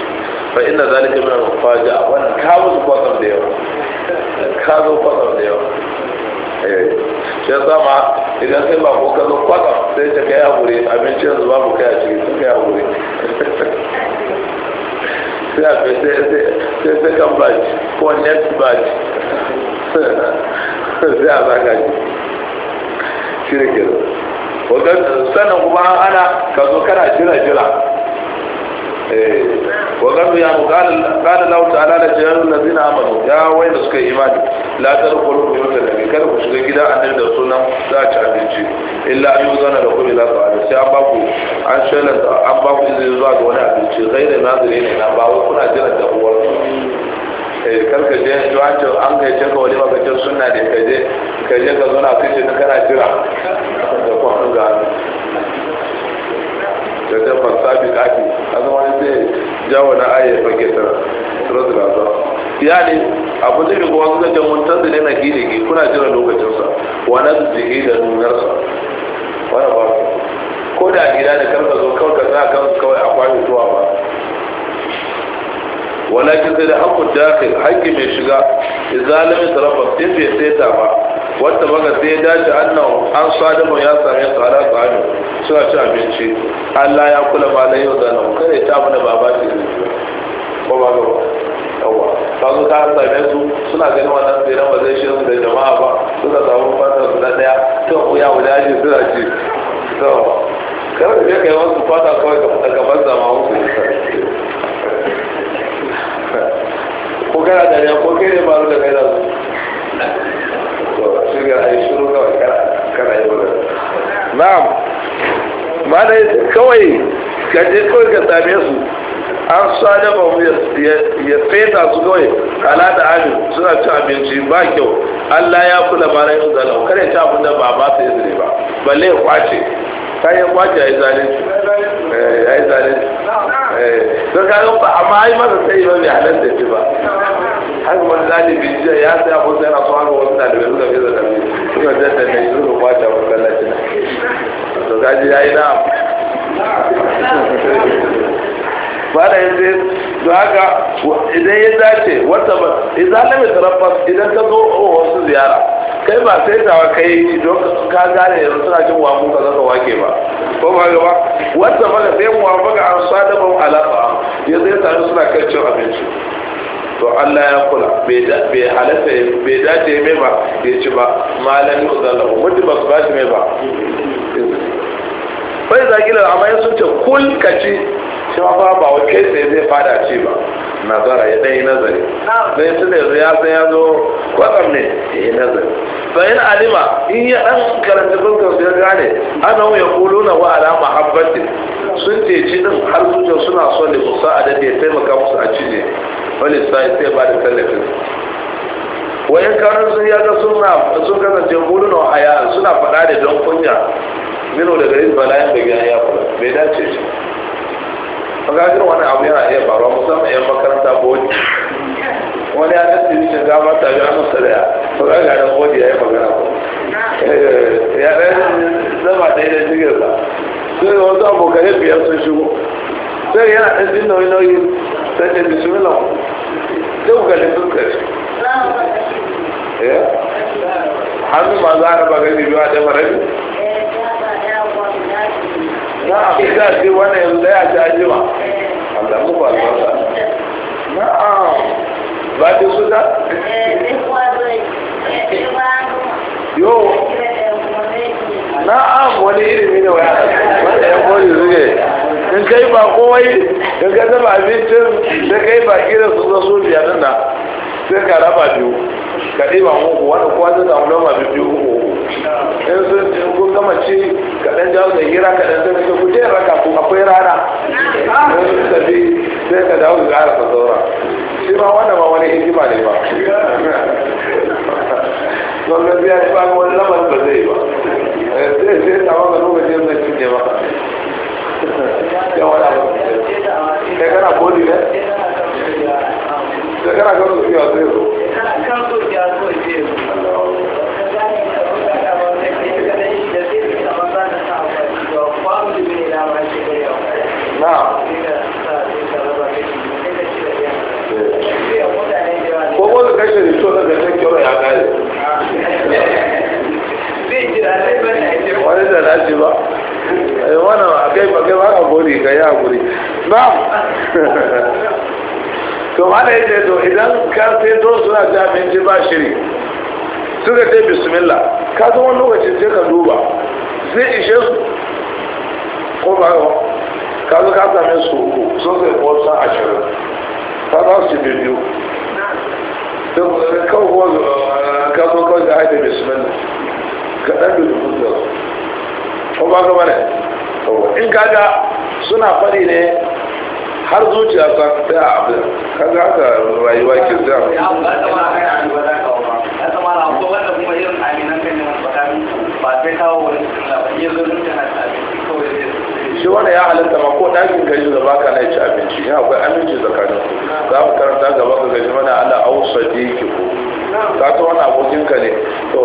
fa inda zalika min al-faja wannan ka musu kwatsam da yawa ka zo kwatsam da yawa Eh, shi sama idan sai ba ko kazo kwaka sai ta kai hakuri abincin yanzu babu kai a ciki sai kai hakuri sai a fi sai second batch ko next batch sai a zaka shi wadanda sannan kuma ana ka zo kana jira jira Eh, wa gadu ya qala ala da la jayyul ladina amanu ya wayna suka yi imani la tadkhulu buyutan nabi kada ku shiga gida an da sunan za a ci abinci illa an yuzana da kuma lafa da sai an baku an shela an baku izini zuwa ga wani abinci ghairu nazire ne na bawo kuna jira da uwar eh, karka je to an ce an kai ce ka wani magajin sunna ne ka je ka je ka zo na kace kana jira da kwanan ga da ta fasabi kafi a zama ne sai jawo na aya fage ta da ba yani abu da rigo wasu da muntazir yana gidigi kuna jira lokacin sa su nazdihi da nunar sa wani ba ko da gida da karka zo kawai ka za kansu kawai a kwami zuwa ba walakin sai da hakku dakil hakki mai shiga izalimin sarrafa sai bai sai ta ba wanda baka sai ya dace annan an sadama ya same su ala tsani suna ci abinci Allah ya kula ma na yau da nan kare ta mana baba ce ko ba ga yawa ka zo ka same su suna ganin wannan tsere ba zai shi da jama'a ba suka samu fata su na daya to ku ya wuce ji suna ci to kawai da kai wasu fata kawai ka fita gaban zama musu ko kana da ne ko kai ne ba da kai da su na'am ma da kawai ka je kawai ka same su an da ba mu ya feta su kawai ala da amin suna ci abinci ba kyau allah ya kula ba na yin kare ta abin da ba ba su izini ba balle ya kwace ta yi kwace ya yi zalunci eh, ya yi zalunci eh, don ka ba amma yi masa sai ba mai halar da ba har wani zalibi ya sai abin sai na so haka wasu dalibai suka fi zalunci wajen da na zuru ba da masallacin to gaji ya yi na ba da yanzu da haka idan ya dace wata ba idan na mai tarafa idan ka zo wasu ziyara kai ba sai tawa kai don ka gane yanzu suna jin wamu ka wake ba ko ba gaba wata ba ka sai mu wafa ga an alaƙa yanzu ya suna kai cin abinci to Allah ya kula bai halatta bai dace mai ba ya ci ba malami uzallahu wanda ba su ba shi mai ba bai zagila amma sun ce kul ka ci shi ma fa ba wakil sai zai fada ci ba nazara ya dai nazari sai su ne ya san ya zo kwatsam ne ya yi nazari bayan alima in ya dan karanta fuskar ya gane ana ya na wa alama habbatin sun ce ci din har suna so ne musa da ya taimaka musu a cije wani sai sai ba da tallafin wayan karar sun yaga suna sun kasance hulun a haya suna faɗa da don kunya mino da garin bala'in da ga ya kula bai dace shi ga wani abu yana iya faruwa musamman yan makaranta boji wani ya nan tiri shi gaba ta ga nan sa daya to ga da boji ya yi magana ko eh, ya ɗaya zama ɗaya da jigar ba sai wasu abokanai biyar sun shigo sai yana ɗan jin nauyi nauyi sai ce bismillah sai ku kalli fuskar eh? hannu ma za a raba gani biyu a dafa rabi na a fi da ce wani yanzu da ya ci ajima Allah mu ba su na a ba ce su da yo a wani ilimi ne wa ya ɗan ya kori zuge in kai ba kowai in ka dafa abincin da kai ba kira su zo sojiya nan na sai ka raba biyu ka ɗiba uku wani kuwa zai samu nama biyu uku in sun ku gama ci ka ɗan jawo da hira ka ɗan zai ku je raka ku akwai rana in sun tafi sai ka dawo ka ƙara saura shi ma wannan ma wani hikima ne ba don biya shi ba wani lamarin ba zai ba eh, sai sai ta wani lokacin zai cinye ba. yawa da kai kana koli ne wani ba kai ba kai ba ka bori ka yi hakuri na to mana yi to idan ka sai to suna ta abinci ba shiri suka ce bismillah ka zo wani lokaci sai ka duba zai ishe su ko ba ka zo ka same su uku sun sai wasu ashirin ka za su ci biyu kawai kuwa eh, ka zo kawai da haifin bismillah ka ɗan biyu ko ba ka bane in kaga suna fari ne har zuciya ta ta abu kaga ka rayuwa ke da shi wanda ya halitta ma ko ɗakin gari da baka na ci abinci ya akwai aminci tsakanin ku za mu karanta gaba ka gajimana mana ala ausa ku ka to wani abokin ka ne to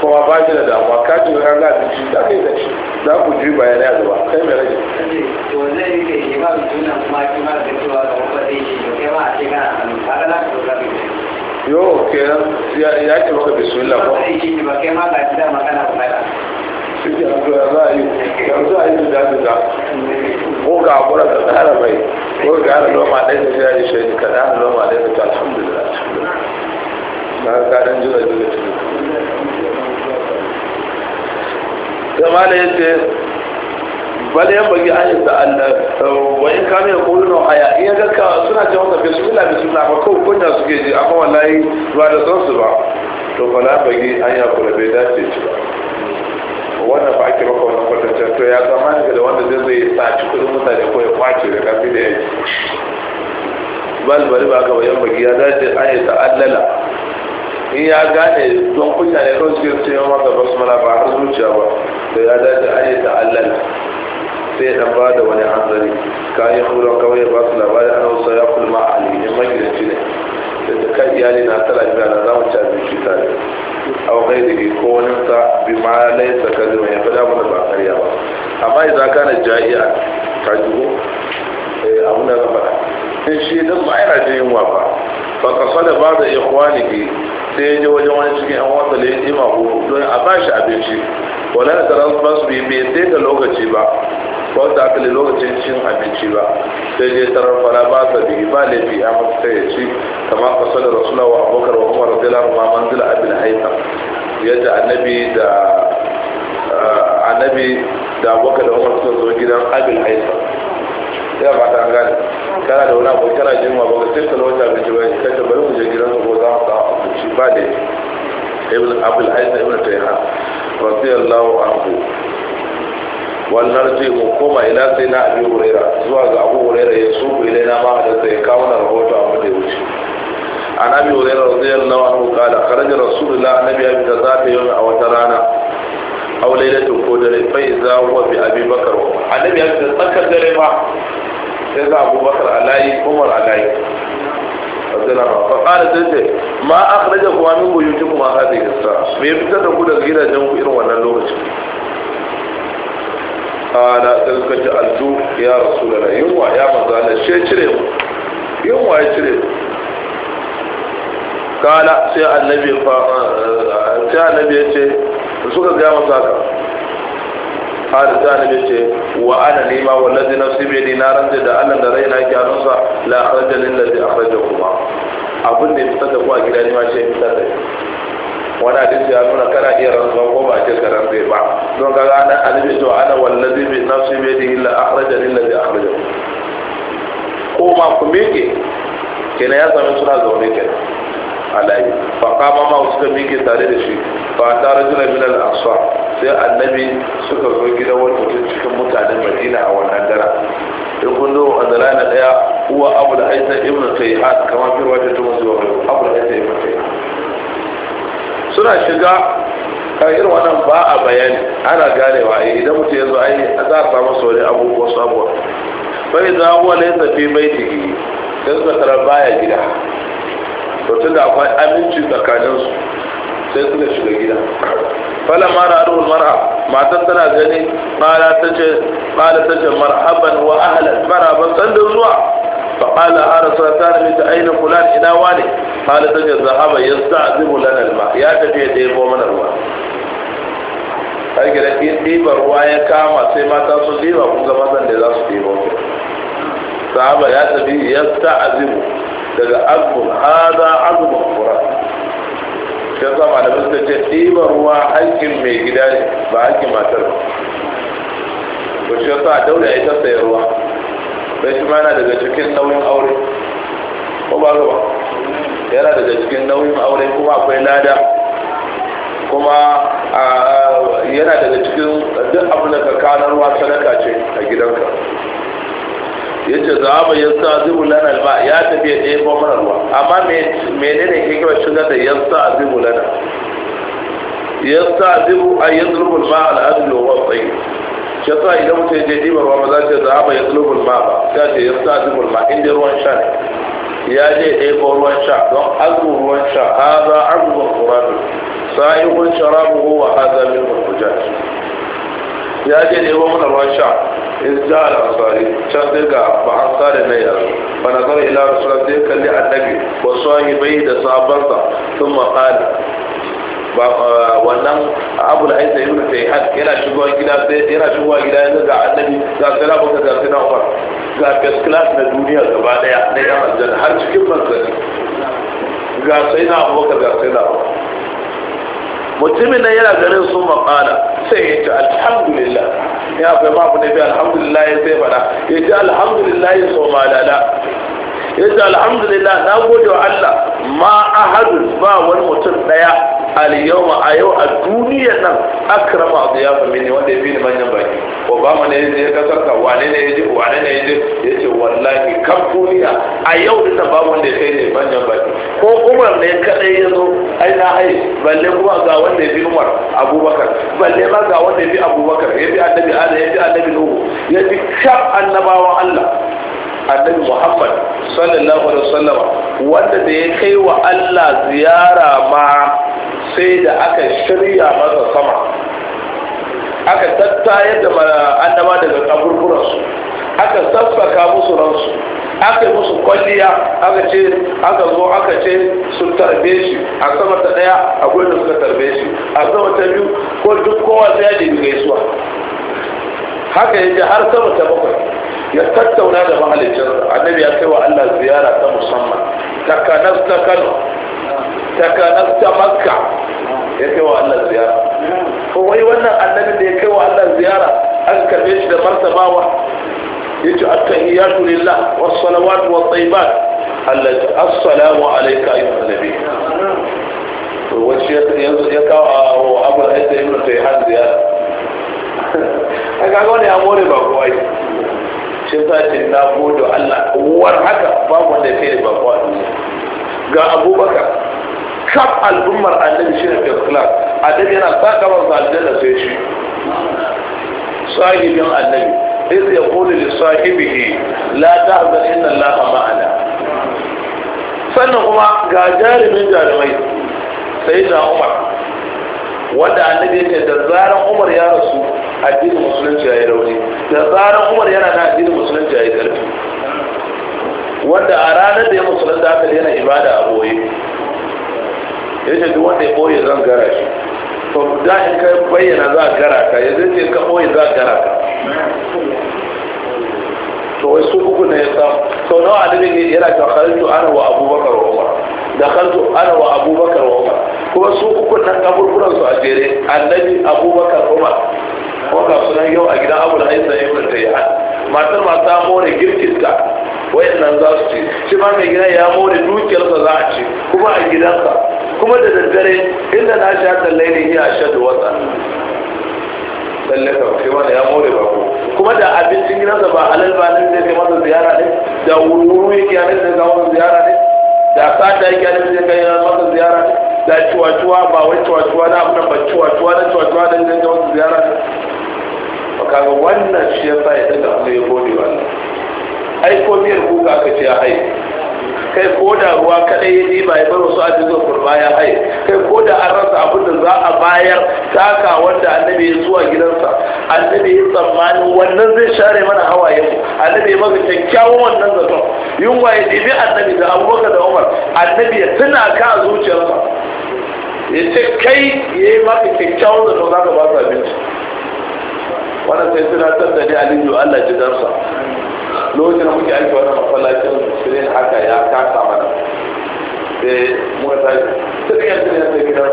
kuma ba shi da damuwa ka ji wani ga abinci da kai da shi za ku ji bayan ya zuba kai mai rage to zai yi ka yi ba tuna kuma ki ma da cewa ga kuma zai yi kai ma a ce kana hannu ka ga za ka zo yo kenan ya ce maka bismillah ko ba zai yi ba kai ma ga ji da magana ba yanzu a yi su dafi za. ko ga abura da tsara mai ko ga noma ɗaya da shi ya yi shi ka da noma ɗaya da ta alhamdulillah na kaɗan jira jira ciki kama da ya ce bal yan bagi an yi ta'alla wa in kame ya kulu na aya iya gaskawa suna ce wanda bismillah bismillah ba kawai kunya suke ji amma wallahi ba da sonsu ba to bala bagi an ya kula bai dace ci ba wannan ba ake maka wannan kwatancen to ya zama ne da wanda zai zai saci kudin mutane ko ya kwace da kafi da yake bal bari ba ka bayan bagi ya dace an yi ta'allala in ya gane don kunya ne kawai suke rufe yawan maka basmala ba har zuciya ba to ya dace a yi ta'allal sai ya ba da wani hanzari kayan wurin kawai ya ba su labari ana wasu ya kulma a alimin magidanci ne da ta kan iyali na tala biya na zamu ci abinci tare au kai da ke ko wani sa bi ma laisa ka zama ya fada da ba karya ba amma idan ka na jahiya ka jigo eh, abin da ka faɗa shi duk ba yana jin yunwa ba ba fa kasada ba da ke. sai ya je wajen wani cikin yan wata da ya ji mako don a bashi abinci wala da taron basu bi bai sai da lokaci ba ko da kalli lokacin cin abinci ba sai je tarar fara ba sa bi ba laifi a masu sai ya ci kamar kasar da rasulawa wa abokar wa umar radiyallahu ma manzila abin Haifa yadda annabi da ah, annabi da abokar da umar suka zo gidan abin Haifa. ya ba ta an gane kana da wani abu kana jin ma ba ka sai ka lauta da jiwa ka ta bari mu je gidan su ko za mu samu shi ba da ibn abul aiza ibn tayha radiyallahu anhu wannan ce mu koma ila sai na abi huraira zuwa ga abu huraira ya suku na ma da sai ka na rahoto abu da ya wuce an abi huraira radiyallahu anhu kala kharaja rasulullah annabi ya ta zata yau a wata rana aw lailatin ko dare fa iza huwa bi abi bakar annabi ya ce tsakar dare fa sai ga Bakar alayi umar alayi fa qala sai ma akhrajakum min buyutikum hadhihi as-sa'a me fitar da ku daga gidajen ku irin wannan lokacin rasu da الجوع يا رسول الله يوم يا مزال شيء شريم يوم يا شريم قال سي النبي sai Annabi ya ce. suka gaya masu haka hada ta ne ce wa ana nima wallazi nafsi bi ranje da Allah da raina yake hannunsa la kharaja lil ladzi kuma abin da ya fitar da kuwa a gida ne ma ce fitar da wani hadisi ya nuna kana iya rantsuwa ko ba a ce ka rantse ba don ka ga ana alibi to ana wallazi bi nafsi bi dihi la akhraja lil ladzi akhrajakum ko ma ku meke kenan ya sami suna zaune kenan alayhi fa kama ma suka mike tare da shi fa ta rajula min al aqsa sai annabi suka zo gidan wani mutum cikin mutanen madina a wannan dara in kun zo a dara na daya uwa abu da aisa ibnu tayhat kamar firwa ta tuma zuwa abu da aisa ibnu tayhat suna shiga kan irin wannan ba a bayani ana ganewa eh, idan mutum ya zo ai za a samu sauri abubuwa sabuwa bai za huwa laysa fi baitihi sai suka tara baya gida to da akwai aminci tsakaninsu. sai suka shiga gida fala mara arhu mar'a matan tana gani ce tace ta ce marhaban wa ahlan maraban san da zuwa fa qala arsa ta nabi ta aina kulan ina wani ta ce zahaba yasta'zibu lana alma ya tafi ya debo mana ruwa kage da ɗiba ruwa ya kama sai mata sun ɗiba kun ga mazan da za su ɗiba sahaba ya tafi yasta'zibu daga azbun hada azbun kura. shi yasa da suka ce ɗiban ruwa hankin mai gida ne ba hankin matar ba ko shi yasa daure ita sayar ruwa sai shi ma yana daga cikin nauyin aure ko ba ruwa yana daga cikin nauyin aure kuma akwai lada kuma yana daga cikin duk abin da ka kanarwa sadaka ce a gidanka ya ce za mu yi sa zibu lana alma ya tafi ya ɗaya kuma ruwa amma menene ke gaba shiga da yan sa zibu lana ya sa zibu a ya zulubul ma al'adul wa tsayi ya sa idan mutum ya je ɗiba ruwa ba za ce za mu yi zulubul ma ba ya ce yan sa zibul ma inda ruwan sha ne ya je ɗaya kuma ruwan sha don azu ruwan sha haza azubar kuratu sa'ihun sharabu wa haza min mutujaji ya je ɗaya kuma ruwan sha in ja al-ansari can sai ga ba na yanzu fa nazar ila rasulullah sai kalli annabi wa bai da sahabansa sun maƙali wannan abu da aisa ibn sayhan yana shigowa gida sai yana shigowa gida yanzu ga annabi ga sala baka ga sala umar ga first class na duniya gaba daya na yan aljanna har cikin manzanni ga sai na abubakar ga sai na mutumin nan yana garin sun maƙala sai ya ce alhamdulillah ya bai ma abu ne bi alhamdulillah ya sai fada ya ce alhamdulillah ya so malala ya ce alhamdulillah na gode wa Allah ma ahadu ba wani mutum daya aliyawa a yau a duniya nan akrama adiyafa mini wanda ya fi ni manyan baki obama ne ya kasar ka wane ne ya je wane ne ya je ya ce wallahi kan duniya a yau din nan ba wanda ya kai ne manyan baki ko umar ne kadai ya zo ai na hai balle kuma ga wanda ya fi umar abubakar balle ma ga wanda ya fi abubakar ya fi annabi ala, ya fi annabi nuhu ya fi kaf annabawan allah annabi muhammad sallallahu alaihi wasallam wanda da ya kai wa allah ziyara ma sai da aka shirya masa sama aka tattayar da annaba daga kaburburansu aka sassaka musu ransu aka yi musu kwalliya aka ce aka zo aka ce su tarbe shi a sama ta daya a da suka tarbe shi a sama ta biyu ko duk kowa sai ya nemi gaisuwa haka yake har sama ta bakwai ya tattauna da mahalicin annabi ya kai wa Allah ziyara ta musamman takanas ta Kano takanas ta Makka ya kai wa Allah ziyara ko wai wannan annabi da ya kai wa Allah ziyara an karbe shi da martabawa yace at-tahiyatu lillah was-salawat wat-tayyibat allati assalamu alayka ayyuhan nabi wacce ya kawo a wa abu da ya ta yi mutu ya hanzu ya a kaga wani ya more ba kowai shi sace na gode Allah uwar haka babu wanda ya sai da bako ga abubakar kaf al'ummar annabi shi ne first class annabi yana sa kamar sa aljanna sai shi sahibin annabi إذ يقول لصاحبه لا تحزن إن الله ma'ana. sannan kuma ga jarumin jarumai sai da umar wanda annabi ya ce da zaran umar ya rasu addinin musulunci ya yi rauni da zaran umar yana na addinin musulunci ya yi ƙarfi wanda a ranar da ya musulunta aka yana ibada a boye ya ce duk wanda ya boye zan gara shi to da in ka bayyana za a gara ka yanzu ce ka boye za a gara ka to wai su uku ne ya samu sau nawa annabi ne yana ta khaltu ana wa abubakar wa umar da khaltu ana wa abubakar wa umar kuma su uku nan kaburburan su a jere annabi abubakar umar wanda sunan yau a gidan abu da haisa ibn tayyan matar ma ta more girkinta wayannan za su ci shi ma mai gidan ya more dukiyarsa za a ci kuma a gidansa kuma da daddare inda na sha kallai ne ya sha wasa lalle ka sai wani ya more ba ko kuma da abincin gidansa ba alal ba ne zai kai masa ziyara ne da wuru yake ne zai zama ziyara ne da sata yake ne zai kai masa ziyara ne da cuwa ba wai ciwaciwa na abin ba cuwa na cuwa-cuwa da zai kai masa ziyara ne baka kaga wannan shi ya sa ya daga abu ya gode wannan ai ko miyar kuka aka ce ya haihu kai ko da ruwa kadai ya ba ya bar wasu abin cikin kurba ya haye kai ko da an rasa abin da za a bayar taka wanda annabi ya zuwa gidansa annabi ya tsammanin wannan zai share mana hawaye mu annabi ya maka kyakkyawan wannan zaton yunwa ya ɗebi annabi da abubakar da umar annabi ya tuna ka a zuciyarsa ya ce kai ya yi maka kyakkyawan zaton za ka ba su abinci wannan sai tunatar da ni aliyu allah ji darsa lokacin da muke aiki wannan masallacin shirin haka ya kasa mana sai muka tashi sai ya shirin sai gidan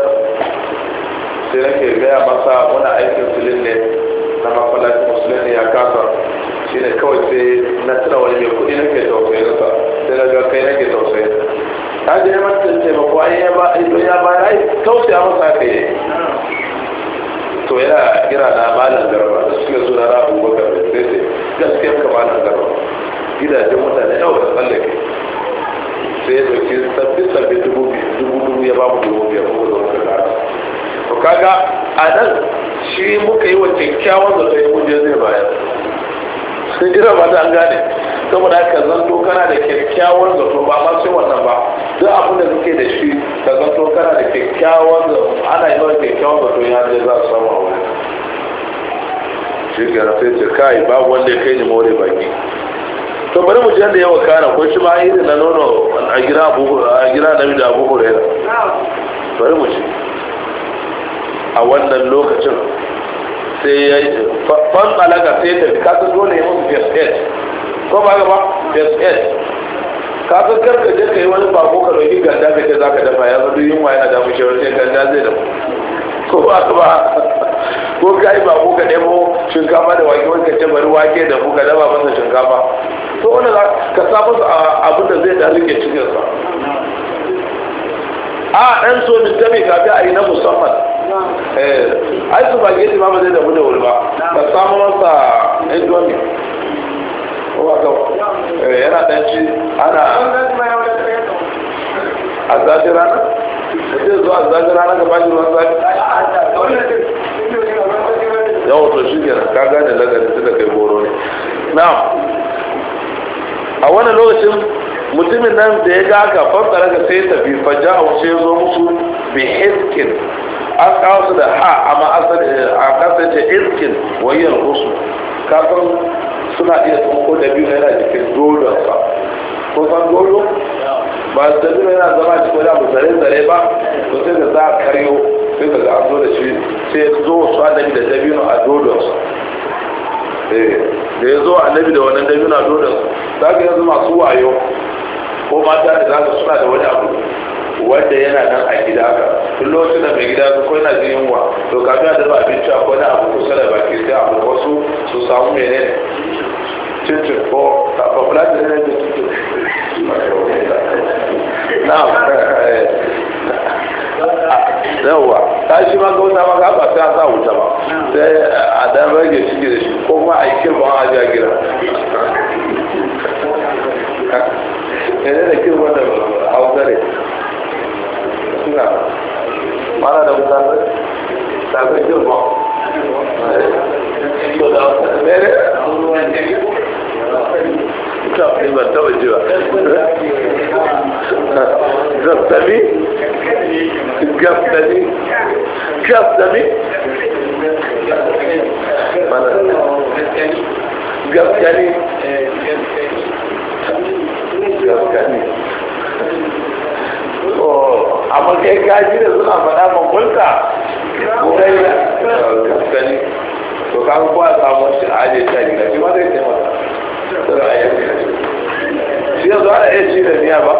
sai nake gaya masa muna aikin shirin ne na masallacin musulmi ya kasa shi ne kawai sai na tuna wani mai kuɗi nake tausayi sa sai na ga kai nake tausayin ta je mata taimako ai ya ba ya ba masa ka yi to yana kira na malam garba da suke suna na abubakar sai sai gaskiyar ka malam garba gidajen mutane yau da tsallake sai ya dauki sabbin sabbin dubu dubu ya ba mu dubu biyar mu da wata gara to kaga a nan shi muka yi wa kyakkyawan zato ya kuje zai bayar sai jira ba an gane saboda ka zanto kana da kyakkyawan zato ba ma sai wannan ba duk abin da suke da shi ka zanto kana da kyakkyawan zato ana yi wa kyakkyawan zato ya zai za su samu a wurin shi gara sai ce kai babu wanda ya kai ni more baki to bari mu je da yawa kana ko shi ma irin na nono a gida abu a gida da mi da abu bari mu ji a wannan lokacin sai ya fan alaka sai ta ka san dole ya mutu first aid ko ba ga ba first aid ka san karka je kai wani bako ka dauki ganda ka ce zaka dafa ya zo yunwa yana da mu shi wani ganda zai dafa ko ba ba ko ka yi ba ko ka nemo shinkafa da wake wani ka ce bari wake da ku ka daba masa shinkafa to za ka sa masa abin da zai dan rike sa a dan so min tabi kafi a yi na musamman eh, ai su bageti ma ba zai damu da wuri ba ka samu masa indomi ba ka eh, yana dan ci ana a zafi rana ce zuwa zafi rana ka bashi ruwan zafi yawon to shi ne ka gane lagari tun da kai goro ne na a wani lokacin mutumin nan da ya ga aka fassara ka sai tafi fajja a wuce ya zo musu bi hiskin an kawo da ha amma a kasar ce hiskin wayan rusu kasan suna iya tsanko da biyu na yana jikin dole sa ko san goro ba su tafi yana zama shi ko da mu tsare tsare ba to sai da za a karyo sai ka ga zo da shi sai zo su annabi da dabino a dodonsa eh, da ya zo annabi da wannan dabino a dodonsa za ka yanzu masu wayo ko mata da za ka suna da wani abu wanda yana nan a gida ka tun lokacin da mai gida ko yana jin yunwa to kafin a dafa abinci a na abu kusa da baki sai abu wasu su samu menene cincin ka kafafula da ne da cincin na yawwa ta shi ma ga wuta ma ka ba sai a sa wuta ba sai a dan rage shi da shi ko kuma a yi kirban a ja gira ne da kirban da hausa ne suna mana da wuta ne ta kai kirban صافي ما توجه جفتني جفتني جفتني جفتني جفتني amma kai kaji da suna faɗa mamulka kurai da gaskani to kan kwa samun shi aje ta gina shi ma zai taimaka cin su ra'ayi shi yanzu ana iya ci da niya ba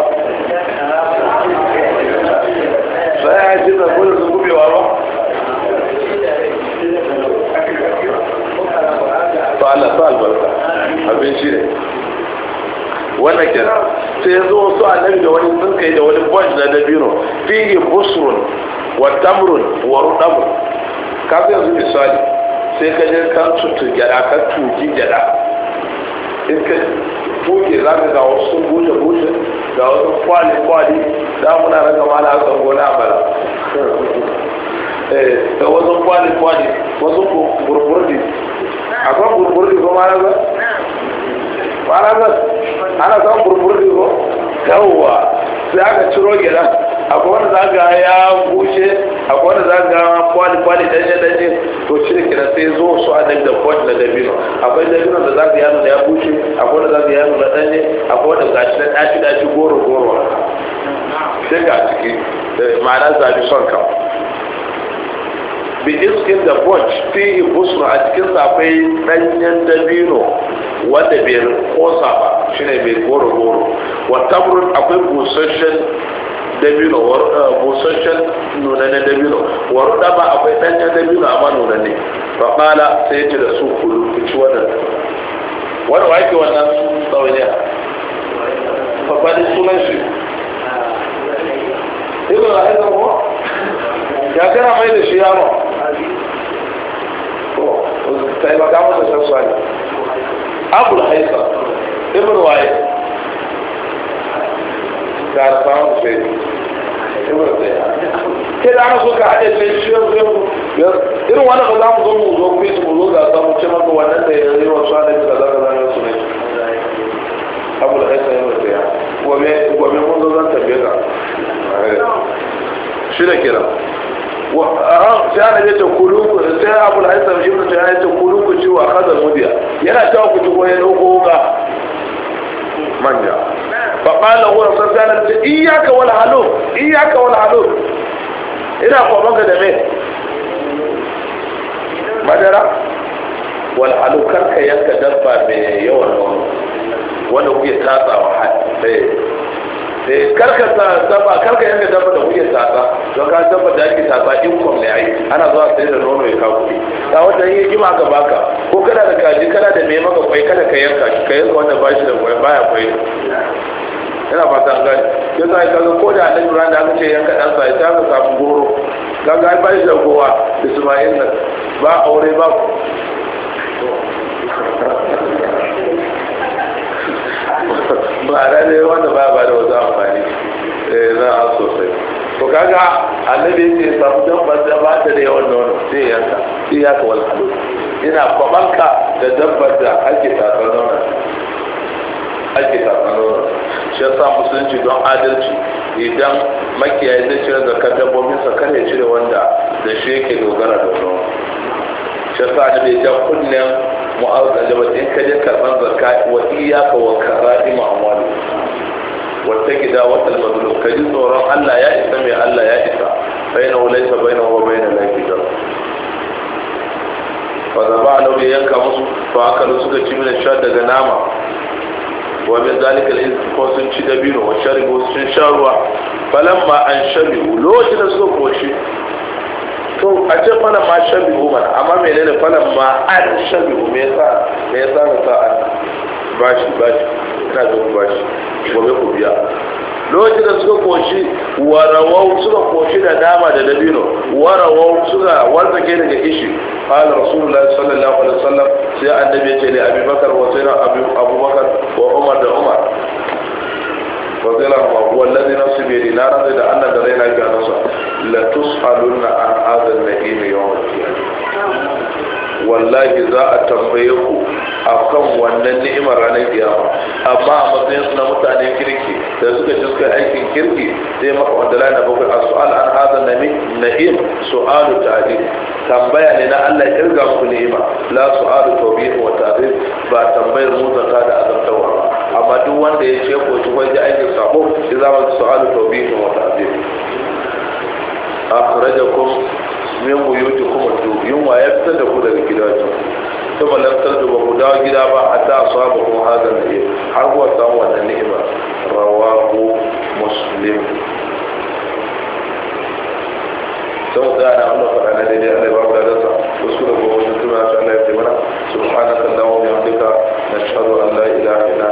sai ya ci da kudu su gubewa ba ba Allah sa albarka abin shi ne wannan kenan sai ya zo wasu annabi da wani sun da wani bunch na dabino fihi busrun wa tamrun wa rudamun kafin yanzu misali sai ka je kan tutu gyada kan tuji gyada in ka buke za ka ga wasu bushe bushe ga wasu kwali kwali da muna raka mana a kan gona bala eh, da wasu kwali kwali wasu burburdi akwai burburdi ko ma raza ma raza ana san burburdi ko yawwa sai aka ciro gida akwai wanda za ga ya bushe akwai wanda za ga kwali kwali danje danje to shi ne kira sai zo su adam da kwali na dabino akwai dabino da za ga ya da ya bushe akwai wanda za ka yano da danje akwai wanda gashi na daci daci goro goro sai ga ciki eh, ma'ana zabi son ka bi iskin da bot fi busnu a cikin akwai danyen dabino wanda bai kosa ba shine bai goro goro wa tabrun akwai busasshen dabino busasshen nunannen dabino waruɗa ba akwai ɗanyen dabino amma ne ba kala sai ce da su kulu ci wannan wani wa ake wannan tsawaniya faɗin sunan shi ilu na haifar ko ya kana mai da shi yaro taimaka masa sassuwa abu da haifa ibn waye da alfahar sai ke da ana so ka haɗe sai shi yau yau irin wani ba za mu zo mu zo ku yi mu zo ga za mu ce maka wannan da ya yi wa su ana yi kaza kaza ne su ne abu da haisa yau da ya gome gome mun zo zan tambaye ka eh. shi da kira sai ana yace kuluku sai abu da haisa ibn ta yace kuluku ci wa kaza mudiya yana ta ku ci ko ya dauko ga manja فقال له رسول الله أنت إياك والحلوم إياك والحلوم إذا قمت دمين ما جرى والحلوم كان كي يتدفع بيوم الحلوم ولو يتابع Eh, karka saba karka yanka dabba da kuke saba don ka dabba da ake saba in kom ne ai ana zuwa sai da nono ya kawo kuɗi ta wata yi kima ka baka ko kana da kaji kana da mai maka kwai kada ka yanka ka yanka wanda ba shi da kwai baya kwai yana fata gani ya sa ka ga ko da annabi ran da aka ce yanka dan sa ta ka samu goro ka ga ba shi da kowa Isma'il nan ba aure ba ku <laughs> a rane wanda ba ba da wasu amfani na eh, sosai to kaga annabi yake samu dabbar da ba ta da yawan nono sai yanka sai ya ka wani halu ina kwamanka da dabbar da ake tatsar nono ake tatsar nono shi yasa musulunci don adalci idan makiyayi zai cire zakar dabbobinsa kar ya cire wanda da shi yake dogara da nono shi yasa annabi ya kunne mu'azu da jabal in ka je karban zakka wa iyyaka wa karra'im amwali wata gida wata mazlum ka ji tsoron Allah ya isa mai Allah ya isa baina laysa baina wa baina la kitab fa zaba a nau'i yanka musu fa aka suka ci min sha daga nama wa min zalika al ko sun ci dabino wa sharibu sun sha ruwa falamma an shabi lokacin da suka koshi to a ce falan ma shabi mana amma ne falan ma an shabi me yasa me yasa na sa an bashi bashi ina ga bashi gobe ku biya lokacin da suka koshi warawau suka koshi da dama da dabino warawau suka ke daga ishi قال رسول الله صلى الله عليه وسلم سيأ النبي جل أبي بكر وسيرة أبي أبو بكر وعمر وعمر fadila ma huwa alladhi nafsi bi yadihi na rantsa da Allah da raina ga nasa la tus'alunna an hadha an-na'im yawm al-qiyamah wallahi za a tambaye ku akan wannan ni'imar ranar kiyama amma a matsayin su na mutanen kirki da suka ci suka aikin kirki Zai maka wanda lana bakwai a su'al an hada na'im su'alu ta'adi tambaya ne na Allah kirga ku ni'ima la su'alu tawbihi wa ta'dib ba tambayar mutaka da azabtawa ba amma duk wanda ya ce ko cikin wajen aikin sabo shi za mu ji su'alu tawbihin wa ta'zir akhrajakum min buyutikum yunwa ya fitar da ku daga gidajen kuma lan tardu ba ku dawo gida ba hatta asabu ku hada ne har kuwa samu wannan ni'ima rawahu muslim sau da ana muna faɗa na daidai Allah ya ba mu dadarsa wasu da gobe sun tuna su Allah ya taimaka subhanaka allahumma wa bihamdika nashhadu an la ilaha illa